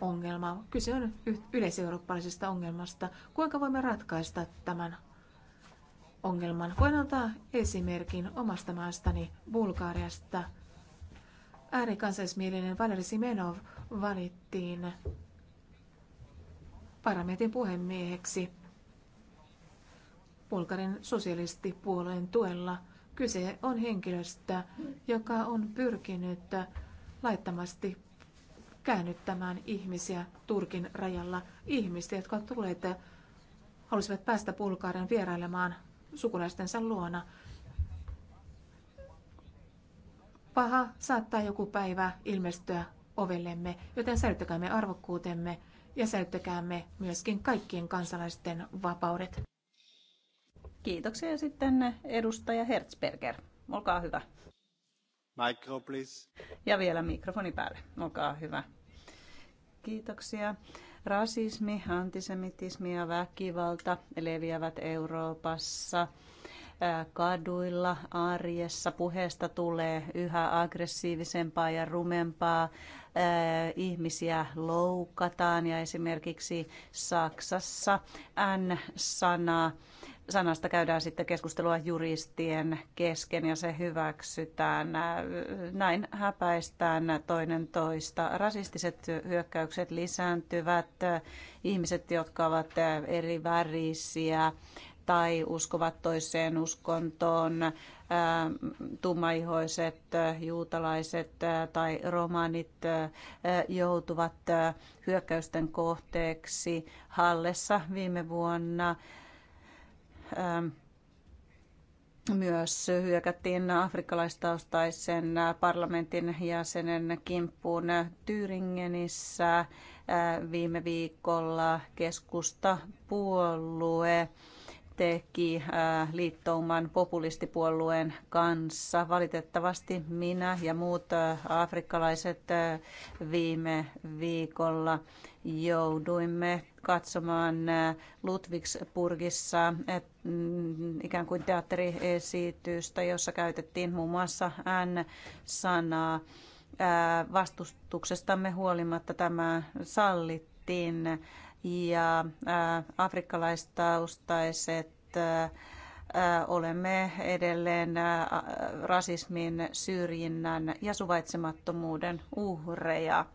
D: ongelma. Kyse on yleiseurooppalaisesta ongelmasta. Kuinka voimme ratkaista tämän ongelman? Voin antaa esimerkin omasta maastani Bulgariasta. Äärikansallismielinen Valeri Simenov valittiin parlamentin puhemieheksi Bulgarin sosialistipuolueen tuella. Kyse on henkilöstä, joka on pyrkinyt laittamasti käännyttämään ihmisiä Turkin rajalla. Ihmisiä, jotka ovat tulleet halusivat päästä Bulgarian vierailemaan sukulaistensa luona. Paha saattaa joku päivä ilmestyä ovellemme, joten säilyttäkäämme arvokkuutemme ja säilyttäkäämme myöskin
A: kaikkien kansalaisten vapaudet. Kiitoksia sitten edustaja Herzberger. Olkaa hyvä.
B: Mikro, please.
A: Ja vielä mikrofoni päälle. Olkaa hyvä. Kiitoksia. Rasismi, antisemitismi ja väkivalta leviävät Euroopassa kaduilla, arjessa. Puheesta tulee yhä aggressiivisempaa ja rumempaa. Ihmisiä loukataan ja esimerkiksi Saksassa N-sana sanasta käydään sitten keskustelua juristien kesken ja se hyväksytään. Näin häpäistään toinen toista. Rasistiset hyökkäykset lisääntyvät. Ihmiset, jotka ovat eri värisiä tai uskovat toiseen uskontoon, tummaihoiset, juutalaiset tai romanit joutuvat hyökkäysten kohteeksi Hallessa viime vuonna Ähm, myös hyökättiin afrikkalaistaustaisen parlamentin jäsenen kimppuun tyringenissä äh, viime viikolla keskusta puolue teki äh, liittouman populistipuolueen kanssa. Valitettavasti minä ja muut äh, afrikkalaiset äh, viime viikolla jouduimme katsomaan Ludwigsburgissa mm, ikään kuin teatteriesitystä, jossa käytettiin muun muassa N-sanaa. Vastustuksestamme huolimatta tämä sallittiin ja äh, afrikkalaistaustaiset äh, äh, olemme edelleen rasismin, syrjinnän ja suvaitsemattomuuden uhreja.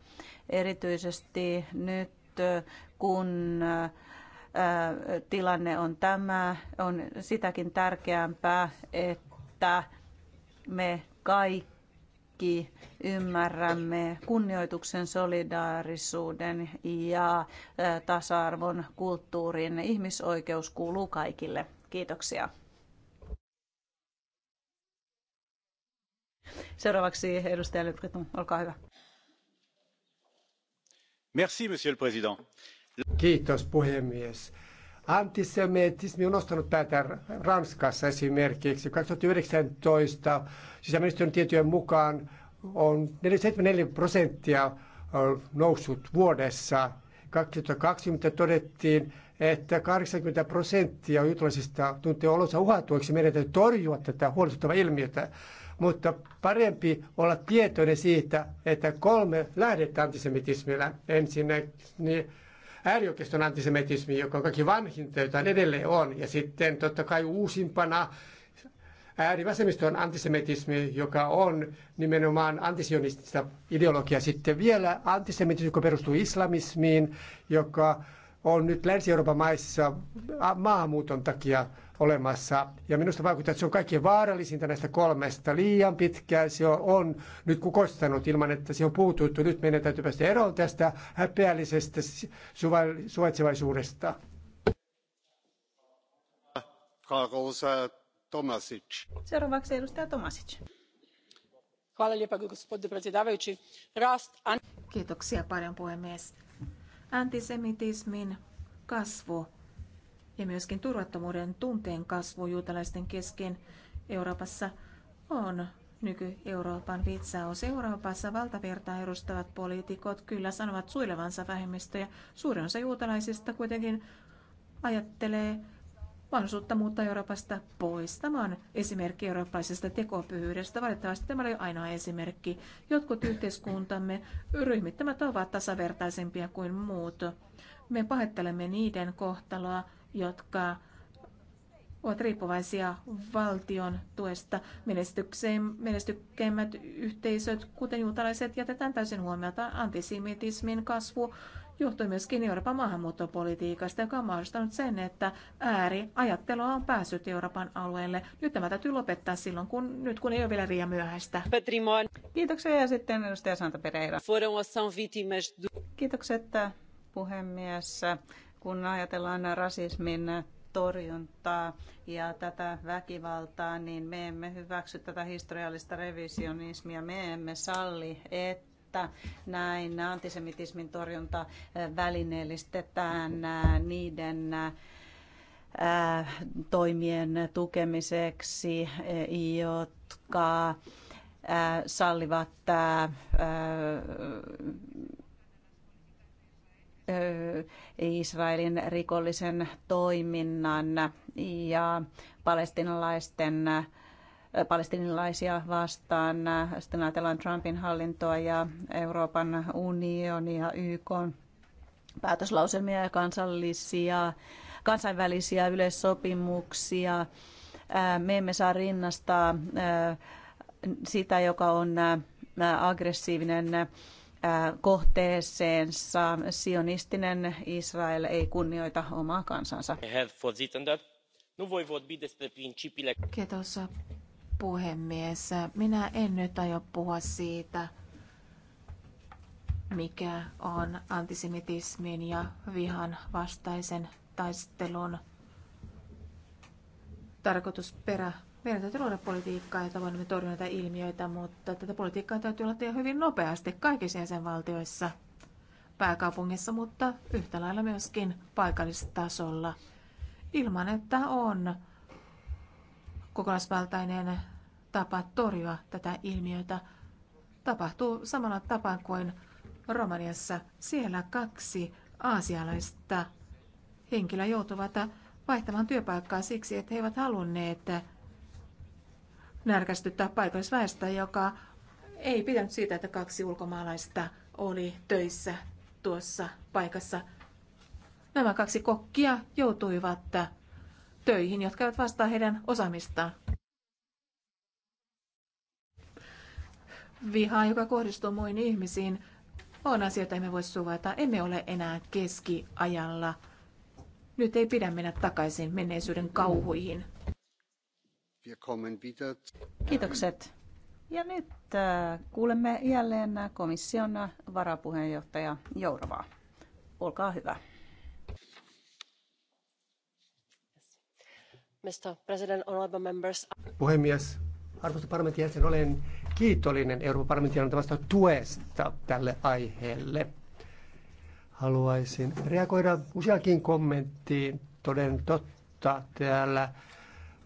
A: Erityisesti nyt kun tilanne on tämä, on sitäkin tärkeämpää, että me kaikki kaikki ymmärrämme kunnioituksen, solidaarisuuden ja tasa-arvon kulttuurin. Ihmisoikeus kuuluu kaikille. Kiitoksia. Seuraavaksi edustaja Le olkaa hyvä.
B: Merci, monsieur le président.
C: Kiitos puhemies. Antisemitismi on nostanut päätä Ranskassa esimerkiksi. 2019 sisäministeriön tietojen mukaan on 74 prosenttia noussut vuodessa. 2020 todettiin, että 80 prosenttia juutalaisista tuntee olonsa uhatuiksi. Meidän täytyy torjua tätä huolestuttavaa ilmiötä. Mutta parempi olla tietoinen siitä, että kolme lähdettä antisemitismillä. Ensinnäkin niin äärioikeiston antisemitismi, joka on kaikki vanhinta, jota edelleen on. Ja sitten totta kai uusimpana äärivasemmiston antisemitismi, joka on nimenomaan antisionistista ideologiaa. Sitten vielä antisemitismi, joka perustuu islamismiin, joka on nyt Länsi-Euroopan maissa maahanmuuton takia olemassa. Ja minusta vaikuttaa, että se on kaikkein vaarallisinta näistä kolmesta. Liian pitkään se on nyt kukoistanut ilman, että se on puututtu. Nyt meidän täytyy päästä eroon tästä häpeällisestä suvaitsevaisuudesta.
A: Seuraavaksi edustaja Tomasic.
D: Kiitoksia paljon puhemies. Antisemitismin kasvu ja myöskin turvattomuuden tunteen kasvu juutalaisten kesken Euroopassa on nyky-Euroopan vitsaus. Euroopassa valtavirtaa edustavat poliitikot kyllä sanovat suilevansa vähemmistöjä. Suurin osa juutalaisista kuitenkin ajattelee mahdollisuutta muuttaa Euroopasta pois. Tämä on esimerkki eurooppalaisesta tekopyhyydestä. Valitettavasti tämä oli ainoa esimerkki. Jotkut yhteiskuntamme ryhmittämät ovat tasavertaisempia kuin muut. Me pahettelemme niiden kohtaloa, jotka ovat riippuvaisia valtion tuesta. Menestykkeimmät yhteisöt, kuten juutalaiset, jätetään täysin huomiota. Antisemitismin kasvu johtui myöskin Euroopan maahanmuuttopolitiikasta, joka on mahdollistanut sen, että ääriajattelua on päässyt Euroopan alueelle. Nyt tämä täytyy
A: lopettaa silloin, kun, nyt kun ei ole vielä liian myöhäistä. Patrimon. Kiitoksia ja sitten edustaja Santa Pereira. Kiitokset puhemies kun ajatellaan rasismin torjuntaa ja tätä väkivaltaa, niin me emme hyväksy tätä historiallista revisionismia. Me emme salli, että näin antisemitismin torjunta välineellistetään niiden toimien tukemiseksi, jotka sallivat Israelin rikollisen toiminnan ja palestinalaisten palestinilaisia vastaan. Sitten ajatellaan Trumpin hallintoa ja Euroopan unionia, YK päätöslauselmia ja kansallisia, kansainvälisiä yleissopimuksia. Me emme saa rinnastaa sitä, joka on aggressiivinen Äh, kohteeseensa. Sionistinen Israel ei kunnioita omaa kansansa. Kiitos
D: puhemies. Minä en nyt aio puhua siitä, mikä on antisemitismin ja vihan vastaisen taistelun tarkoitusperä meidän täytyy luoda politiikkaa, jota voimme torjua näitä ilmiöitä, mutta tätä politiikkaa täytyy olla tehdä hyvin nopeasti kaikissa jäsenvaltioissa, pääkaupungissa, mutta yhtä lailla myöskin paikallistasolla, ilman että on kokonaisvaltainen tapa torjua tätä ilmiötä. Tapahtuu samalla tapaa kuin Romaniassa. Siellä kaksi aasialaista henkilöä joutuvat vaihtamaan työpaikkaa siksi, että he eivät halunneet närkästyttää paikallisväestöä, joka ei pitänyt siitä, että kaksi ulkomaalaista oli töissä tuossa paikassa. Nämä kaksi kokkia joutuivat töihin, jotka eivät vastaa heidän osaamistaan. Vihaa, joka kohdistuu muihin ihmisiin, on asia, jota emme voi suvaita. Emme ole enää keskiajalla.
A: Nyt ei pidä mennä takaisin menneisyyden kauhuihin. Kiitokset. Ja nyt äh, kuulemme jälleen komission varapuheenjohtaja Jourovaa. Olkaa hyvä. Mr. President, honorable members.
C: Puhemies, arvoisa parlamentin jäsen, olen kiitollinen Euroopan parlamentin antamasta tuesta tälle aiheelle. Haluaisin reagoida useakin kommenttiin. Toden totta, täällä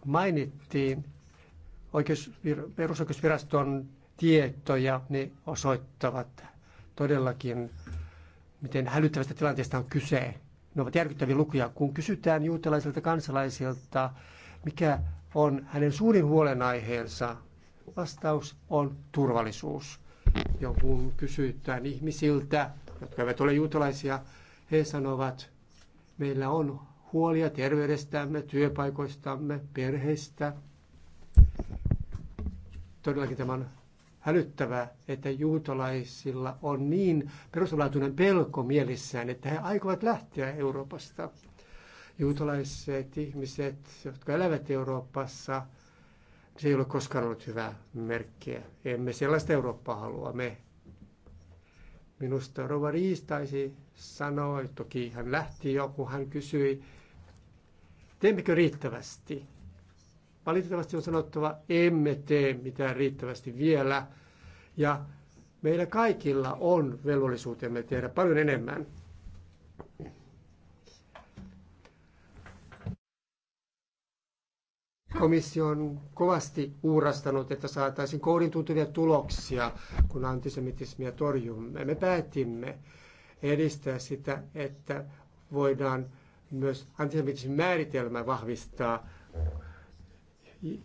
C: mainittiin oikeusvir- perusoikeusviraston tietoja, ne osoittavat todellakin, miten hälyttävästä tilanteesta on kyse. Ne ovat järkyttäviä lukuja. Kun kysytään juutalaisilta kansalaisilta, mikä on hänen suurin huolenaiheensa, vastaus on turvallisuus. Ja kun kysytään ihmisiltä, jotka eivät ole juutalaisia, he sanovat, meillä on huolia terveydestämme, työpaikoistamme, perheistä. Todellakin tämä on hälyttävää, että juutalaisilla on niin perustavanlaatuinen pelko mielissään, että he aikovat lähteä Euroopasta. Juutalaiset ihmiset, jotka elävät Euroopassa, se ei ole koskaan ollut hyvää merkkiä. Emme sellaista Eurooppaa halua me. Minusta Rova Riistaisi sanoi, toki hän lähti jo, kun hän kysyi, Teemmekö riittävästi? Valitettavasti on sanottava, emme tee mitään riittävästi vielä. Ja meillä kaikilla on velvollisuutemme tehdä paljon enemmän. Komissio on kovasti uurastanut, että saataisiin koodin tuntuvia tuloksia, kun antisemitismiä torjumme. Me päätimme edistää sitä, että voidaan myös antisemitismin määritelmä vahvistaa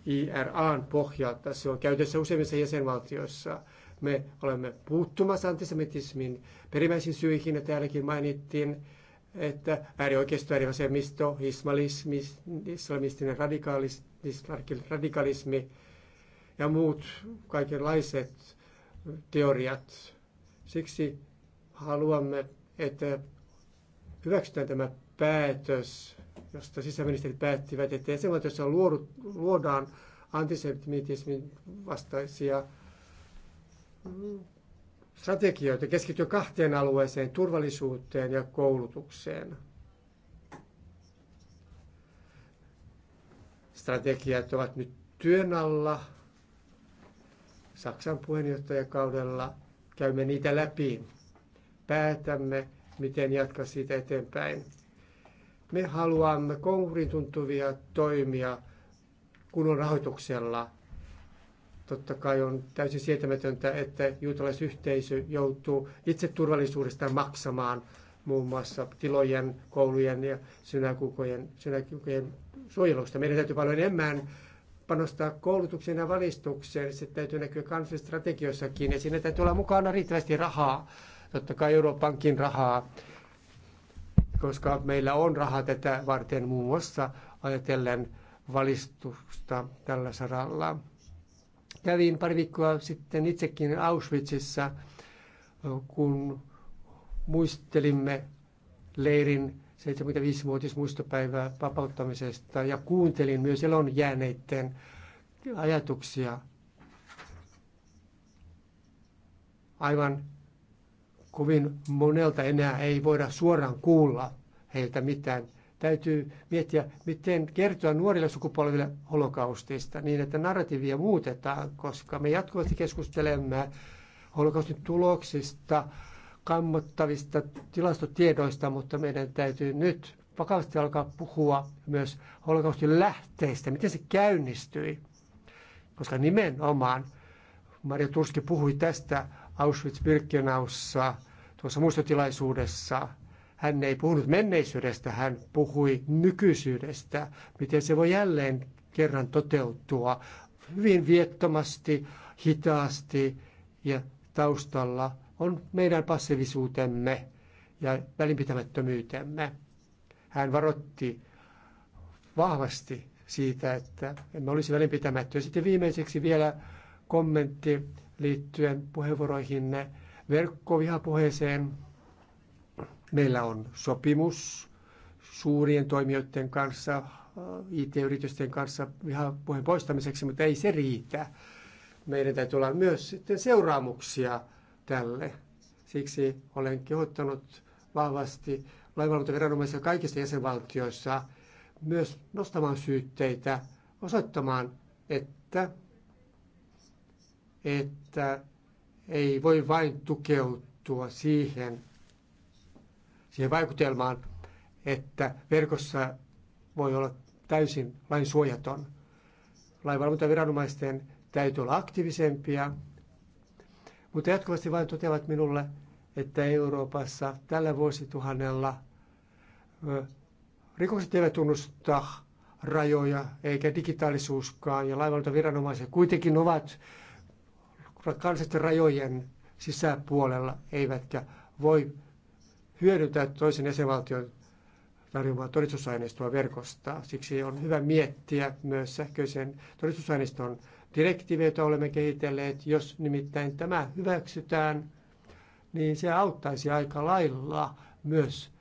C: IRAn pohjalta. Se on käytössä useimmissa jäsenvaltioissa. Me olemme puuttumassa antisemitismin perimmäisiin syihin, ja täälläkin mainittiin, että äärioikeisto, äärivasemmisto, ismalismi, islamistinen radikalismi ja muut kaikenlaiset teoriat. Siksi haluamme, että hyväksytään tämä päätös, josta sisäministerit päättivät, että jäsenvaltiossa luodaan antisemitismin vastaisia strategioita, keskittyy kahteen alueeseen, turvallisuuteen ja koulutukseen. Strategiat ovat nyt työn alla. Saksan puheenjohtajakaudella käymme niitä läpi. Päätämme, miten jatkaa siitä eteenpäin. Me haluamme kouriintuntuvia toimia kunnon rahoituksella. Totta kai on täysin sietämätöntä, että juutalaisyhteisö joutuu itse turvallisuudesta maksamaan muun muassa tilojen, koulujen ja synäkukojen, synäkukojen suojelusta. Meidän täytyy paljon enemmän panostaa koulutukseen ja valistukseen. Se täytyy näkyä kansallisessa strategiossakin ja siinä täytyy olla mukana riittävästi rahaa, totta kai Euroopankin rahaa, koska meillä on raha tätä varten muun muassa ajatellen valistusta tällä saralla. Kävin pari viikkoa sitten itsekin Auschwitzissa, kun muistelimme leirin 75-vuotismuistopäivää vapauttamisesta ja kuuntelin myös elon jääneiden ajatuksia. Aivan kovin monelta enää ei voida suoraan kuulla heiltä mitään. Täytyy miettiä, miten kertoa nuorille sukupolville holokaustista niin, että narratiivia muutetaan, koska me jatkuvasti keskustelemme holokaustin tuloksista, kammottavista tilastotiedoista, mutta meidän täytyy nyt vakavasti alkaa puhua myös holokaustin lähteistä, miten se käynnistyi. Koska nimenomaan Maria Turski puhui tästä Auschwitz-Birkenaussa tuossa muistotilaisuudessa. Hän ei puhunut menneisyydestä, hän puhui nykyisyydestä, miten se voi jälleen kerran toteutua hyvin viettomasti, hitaasti ja taustalla on meidän passiivisuutemme ja välinpitämättömyytemme. Hän varotti vahvasti siitä, että emme olisi välinpitämättömiä. Sitten viimeiseksi vielä kommentti liittyen puheenvuoroihinne verkkovihapuheeseen. Meillä on sopimus suurien toimijoiden kanssa, IT-yritysten kanssa vihapuheen poistamiseksi, mutta ei se riitä. Meidän täytyy olla myös sitten seuraamuksia tälle. Siksi olen kehottanut vahvasti lainvalvontaviranomaisia kaikissa jäsenvaltioissa myös nostamaan syytteitä, osoittamaan, että että ei voi vain tukeutua siihen, siihen vaikutelmaan, että verkossa voi olla täysin lain suojaton. Lainvalvontaviranomaisten täytyy olla aktiivisempia, mutta jatkuvasti vain toteavat minulle, että Euroopassa tällä vuosituhannella rikokset eivät tunnusta rajoja eikä digitaalisuuskaan ja lainvalvontaviranomaiset kuitenkin ovat kansallisten rajojen sisäpuolella, eivätkä voi hyödyntää toisen jäsenvaltion tarjoamaa todistusaineistoa verkosta. Siksi on hyvä miettiä myös sähköisen todistusaineiston direktiiviä, jota olemme kehitelleet. Jos nimittäin tämä hyväksytään, niin se auttaisi aika lailla myös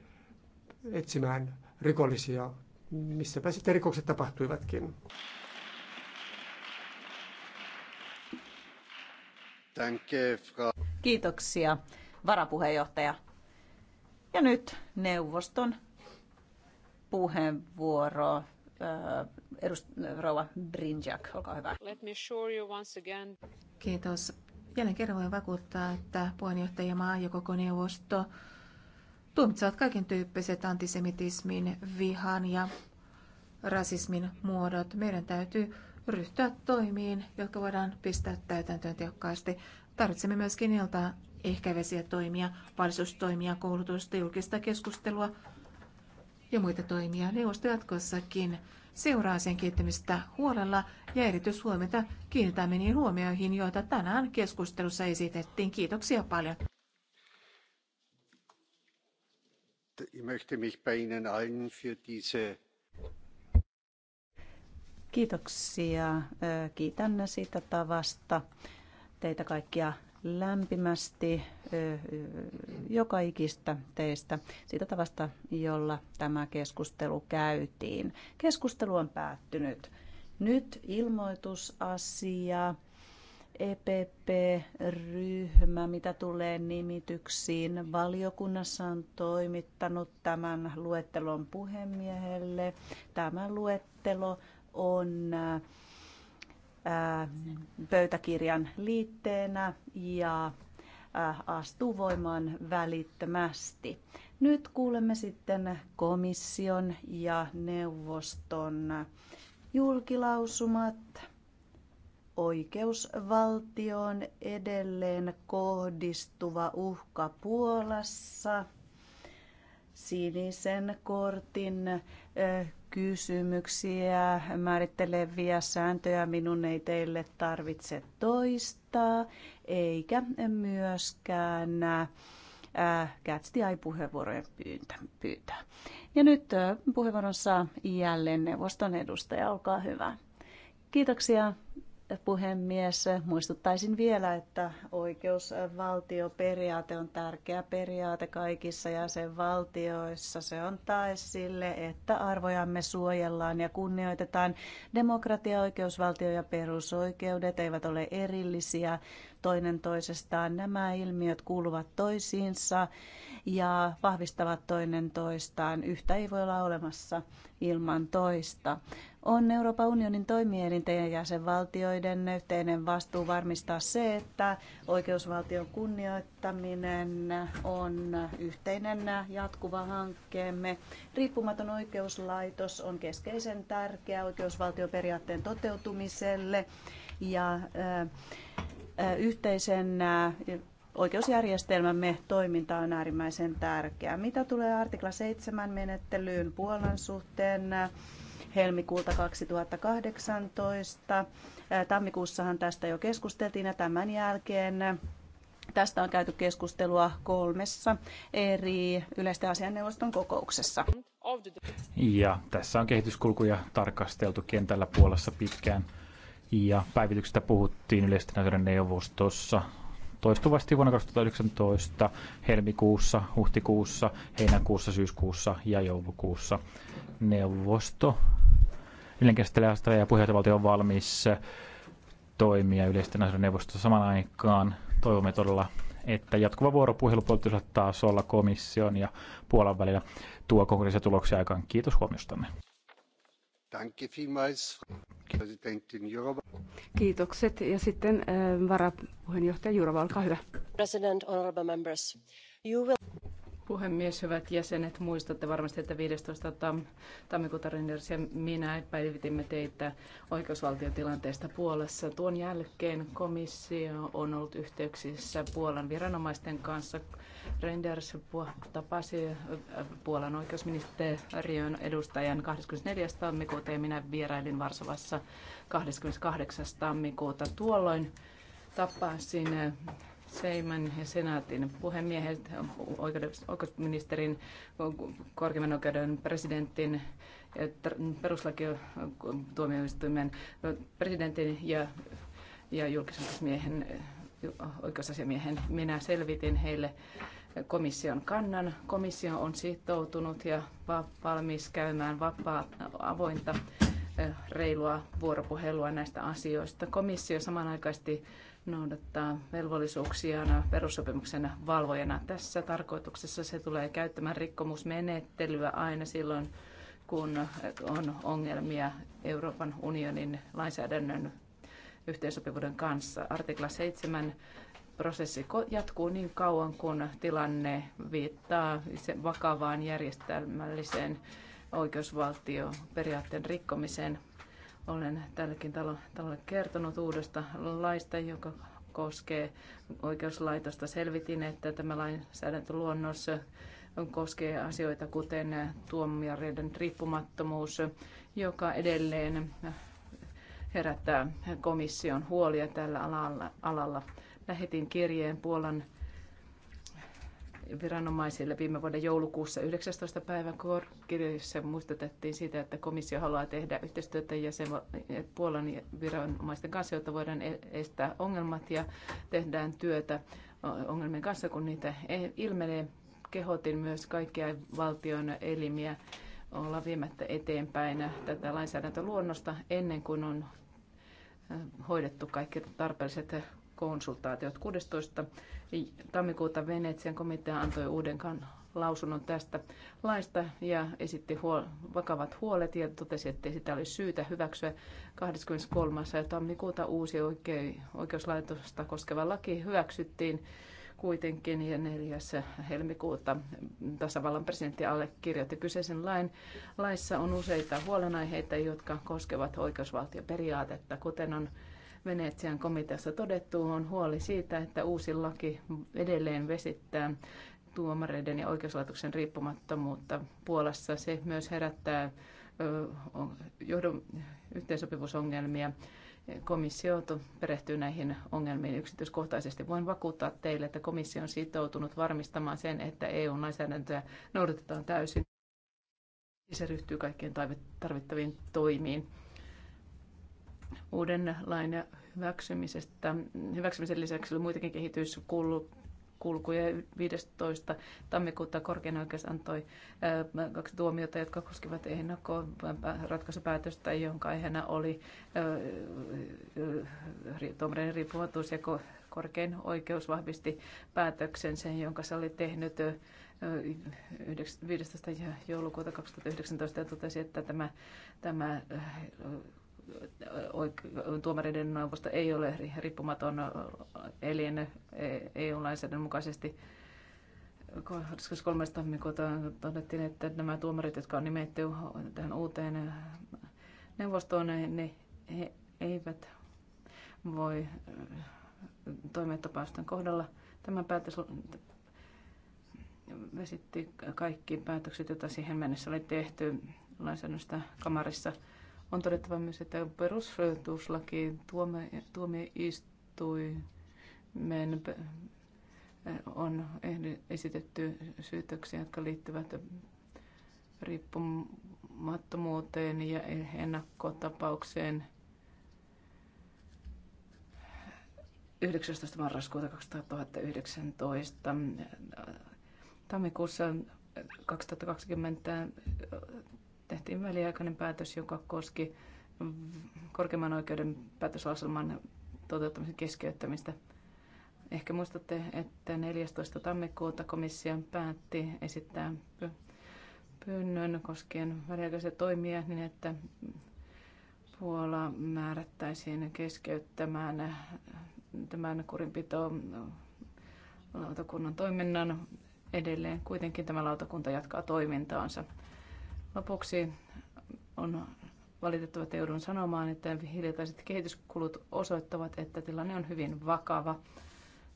C: etsimään rikollisia, missäpä sitten rikokset tapahtuivatkin. Kiitoksia,
A: varapuheenjohtaja. Ja nyt neuvoston puheenvuoro. Äh, rouva Brinjak, olkaa hyvä. Let me
E: assure you
A: once again.
D: Kiitos. Jälleen kerran voin vakuuttaa, että puheenjohtajamaa ja koko neuvosto tuomitsevat kaiken tyyppiset antisemitismin, vihan ja rasismin muodot. Meidän täytyy ryhtyä toimiin, jotka voidaan pistää täytäntöön tehokkaasti. Tarvitsemme myöskin iltaa ehkäisiä toimia, valistustoimia, koulutusta, julkista keskustelua ja muita toimia. Neuvosto jatkossakin seuraa sen kehittämistä huolella ja erityishuomiota kiinnitämme niihin huomioihin, joita tänään keskustelussa esitettiin. Kiitoksia paljon.
B: Ich möchte mich bei Ihnen allen für diese
A: Kiitoksia. Kiitän siitä tavasta. Teitä kaikkia lämpimästi joka ikistä teistä siitä tavasta, jolla tämä keskustelu käytiin. Keskustelu on päättynyt. Nyt ilmoitusasia. EPP-ryhmä, mitä tulee nimityksiin, valiokunnassa on toimittanut tämän luettelon puhemiehelle. Tämä luettelo on pöytäkirjan liitteenä ja astuu voimaan välittömästi. Nyt kuulemme sitten komission ja neuvoston julkilausumat oikeusvaltioon edelleen kohdistuva uhka Puolassa, sinisen kortin kysymyksiä, määritteleviä sääntöjä minun ei teille tarvitse toistaa, eikä myöskään Catch the Eye-puheenvuorojen pyytää. Ja nyt puheenvuoron saa jälleen neuvoston edustaja, olkaa hyvä. Kiitoksia puhemies, muistuttaisin vielä, että oikeusvaltioperiaate on tärkeä periaate kaikissa jäsenvaltioissa. Se on tae sille, että arvojamme suojellaan ja kunnioitetaan. Demokratia, oikeusvaltio ja perusoikeudet eivät ole erillisiä toinen toisestaan. Nämä ilmiöt kuuluvat toisiinsa ja vahvistavat toinen toistaan. Yhtä ei voi olla olemassa ilman toista on Euroopan unionin toimielinten ja jäsenvaltioiden yhteinen vastuu varmistaa se, että oikeusvaltion kunnioittaminen on yhteinen jatkuva hankkeemme. Riippumaton oikeuslaitos on keskeisen tärkeä oikeusvaltioperiaatteen toteutumiselle ja yhteisen oikeusjärjestelmämme toiminta on äärimmäisen tärkeää. Mitä tulee artikla 7 menettelyyn Puolan suhteen, helmikuulta 2018. Tammikuussahan tästä jo keskusteltiin ja tämän jälkeen Tästä on käyty keskustelua kolmessa eri yleisten asianneuvoston kokouksessa. Ja tässä on kehityskulkuja tarkasteltu kentällä Puolassa pitkään. Ja päivityksestä puhuttiin yleisten neuvostossa toistuvasti vuonna 2019 helmikuussa, huhtikuussa, heinäkuussa, syyskuussa ja joulukuussa. Neuvosto ylen käsittelee ja puheenjohtajavaltio on valmis
D: toimia yleisten asioiden neuvostossa saman aikaan. Toivomme todella, että jatkuva vuoropuhelu
A: poliittisella tasolla komission ja Puolan välillä tuo konkreettisia tuloksia aikaan. Kiitos huomiostanne.
E: Kiitokset. Ja sitten ähm, varapuheenjohtaja Jourova olkaa hyvä.
B: President, honorable members,
E: you will... Puhemies, hyvät jäsenet, muistatte varmasti, että 15. Tam- tammikuuta Rinders ja minä päivitimme teitä oikeusvaltiotilanteesta Puolassa. Tuon jälkeen komissio on ollut yhteyksissä Puolan viranomaisten kanssa. Renders tapasi äh, Puolan oikeusministeriön edustajan 24. tammikuuta ja minä vierailin Varsovassa 28. tammikuuta. Tuolloin tapasin äh, Seiman ja senaatin puhemiehet, oikeusministerin, korkeimman oikeuden presidentin, perustuslakituomioistuimen presidentin ja, ja julkisuusmiehen, oikeusasiamiehen. Minä selvitin heille komission kannan. Komissio on sitoutunut ja valmis käymään vapaa avointa eh, reilua vuoropuhelua näistä asioista. Komissio samanaikaisesti noudattaa velvollisuuksiaan perussopimuksen valvojana. Tässä tarkoituksessa se tulee käyttämään rikkomusmenettelyä aina silloin, kun on ongelmia Euroopan unionin lainsäädännön yhteensopivuuden kanssa. Artikla 7 prosessi jatkuu niin kauan, kun tilanne viittaa vakavaan järjestelmälliseen oikeusvaltioperiaatteen rikkomiseen. Olen tälläkin talolle kertonut uudesta laista, joka koskee oikeuslaitosta. Selvitin, että tämä lainsäädäntöluonnos koskee asioita kuten tuomioiden riippumattomuus, joka edelleen herättää komission huolia tällä alalla. Lähetin kirjeen Puolan viranomaisille viime vuoden joulukuussa 19. päivän kirjassa muistutettiin siitä, että komissio haluaa tehdä yhteistyötä jäsen Puolan viranomaisten kanssa, jotta voidaan e- estää ongelmat ja tehdään työtä ongelmien kanssa, kun niitä e- ilmenee. Kehotin myös kaikkia valtion elimiä olla viemättä eteenpäin tätä lainsäädäntöluonnosta ennen kuin on hoidettu kaikki tarpeelliset konsultaatiot. 16. tammikuuta Venetsian komitea antoi uuden lausunnon tästä laista ja esitti huol- vakavat huolet ja totesi, että sitä olisi syytä hyväksyä 23. tammikuuta uusi oike- oikeuslaitosta koskeva laki hyväksyttiin kuitenkin ja 4. helmikuuta tasavallan presidentti allekirjoitti kyseisen lain. Laissa on useita huolenaiheita, jotka koskevat oikeusvaltioperiaatetta, kuten on Venetsian komiteassa todettu, on huoli siitä, että uusi laki edelleen vesittää tuomareiden ja oikeuslaitoksen riippumattomuutta Puolassa. Se myös herättää johdon yhteensopivuusongelmia. Komissio perehtyy näihin ongelmiin yksityiskohtaisesti. Voin vakuuttaa teille, että komissio on sitoutunut varmistamaan sen, että EU-lainsäädäntöä noudatetaan täysin. Se ryhtyy kaikkien tarvittaviin toimiin. Uuden lain hyväksymisestä, hyväksymisen lisäksi oli muitakin kehityskulkuja. 15. tammikuuta korkein oikeus antoi äh, kaksi tuomiota, jotka koskivat ennakkoon ratkaisupäätöstä, jonka aiheena oli äh, äh, tuomareiden riippumattomuus ja korkein oikeus vahvisti päätöksen sen, jonka se oli tehnyt 15. joulukuuta 2019 ja totesi, että tämä, tämä tuomareiden neuvosto ei ole riippumaton elin EU-lainsäädännön mukaisesti. 23. tammikuuta todettiin, että nämä tuomarit, jotka on nimetty tähän uuteen neuvostoon, ne he eivät voi äh, toimia tapausten kohdalla. Tämä päätös vesitti kaikki päätökset, joita siihen mennessä oli tehty lainsäädännöstä kamarissa – on todettava myös, että perusrajoituslaki tuomioistuimen eh, on esitetty syytöksiä, jotka liittyvät riippumattomuuteen ja ennakkotapaukseen 19. marraskuuta 2019. Eh, tammikuussa 2020 tehtiin väliaikainen päätös, joka koski korkeimman oikeuden päätöslauselman toteuttamisen keskeyttämistä. Ehkä muistatte, että 14. tammikuuta komissio päätti esittää pyynnön koskien väliaikaisia toimia niin, että Puola määrättäisiin keskeyttämään tämän kurinpito lautakunnan toiminnan edelleen. Kuitenkin tämä lautakunta jatkaa toimintaansa. Lopuksi on valitettava, että joudun sanomaan, että hiljaiset kehityskulut osoittavat, että tilanne on hyvin vakava.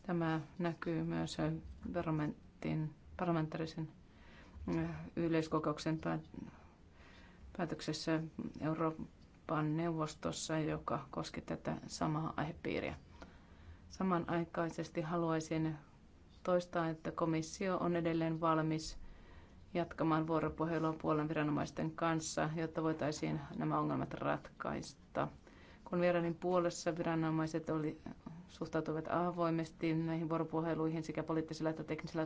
E: Tämä näkyy myös parlamentin, parlamentaarisen eh, yleiskokouksen päätöksessä Euroopan neuvostossa, joka koski tätä samaa aihepiiriä. Samanaikaisesti haluaisin toistaa, että komissio on edelleen valmis – jatkamaan vuoropuhelua Puolan viranomaisten kanssa, jotta voitaisiin nämä ongelmat ratkaista. Kun vierailin Puolassa, viranomaiset oli, suhtautuivat avoimesti näihin vuoropuheluihin sekä poliittisella että teknisellä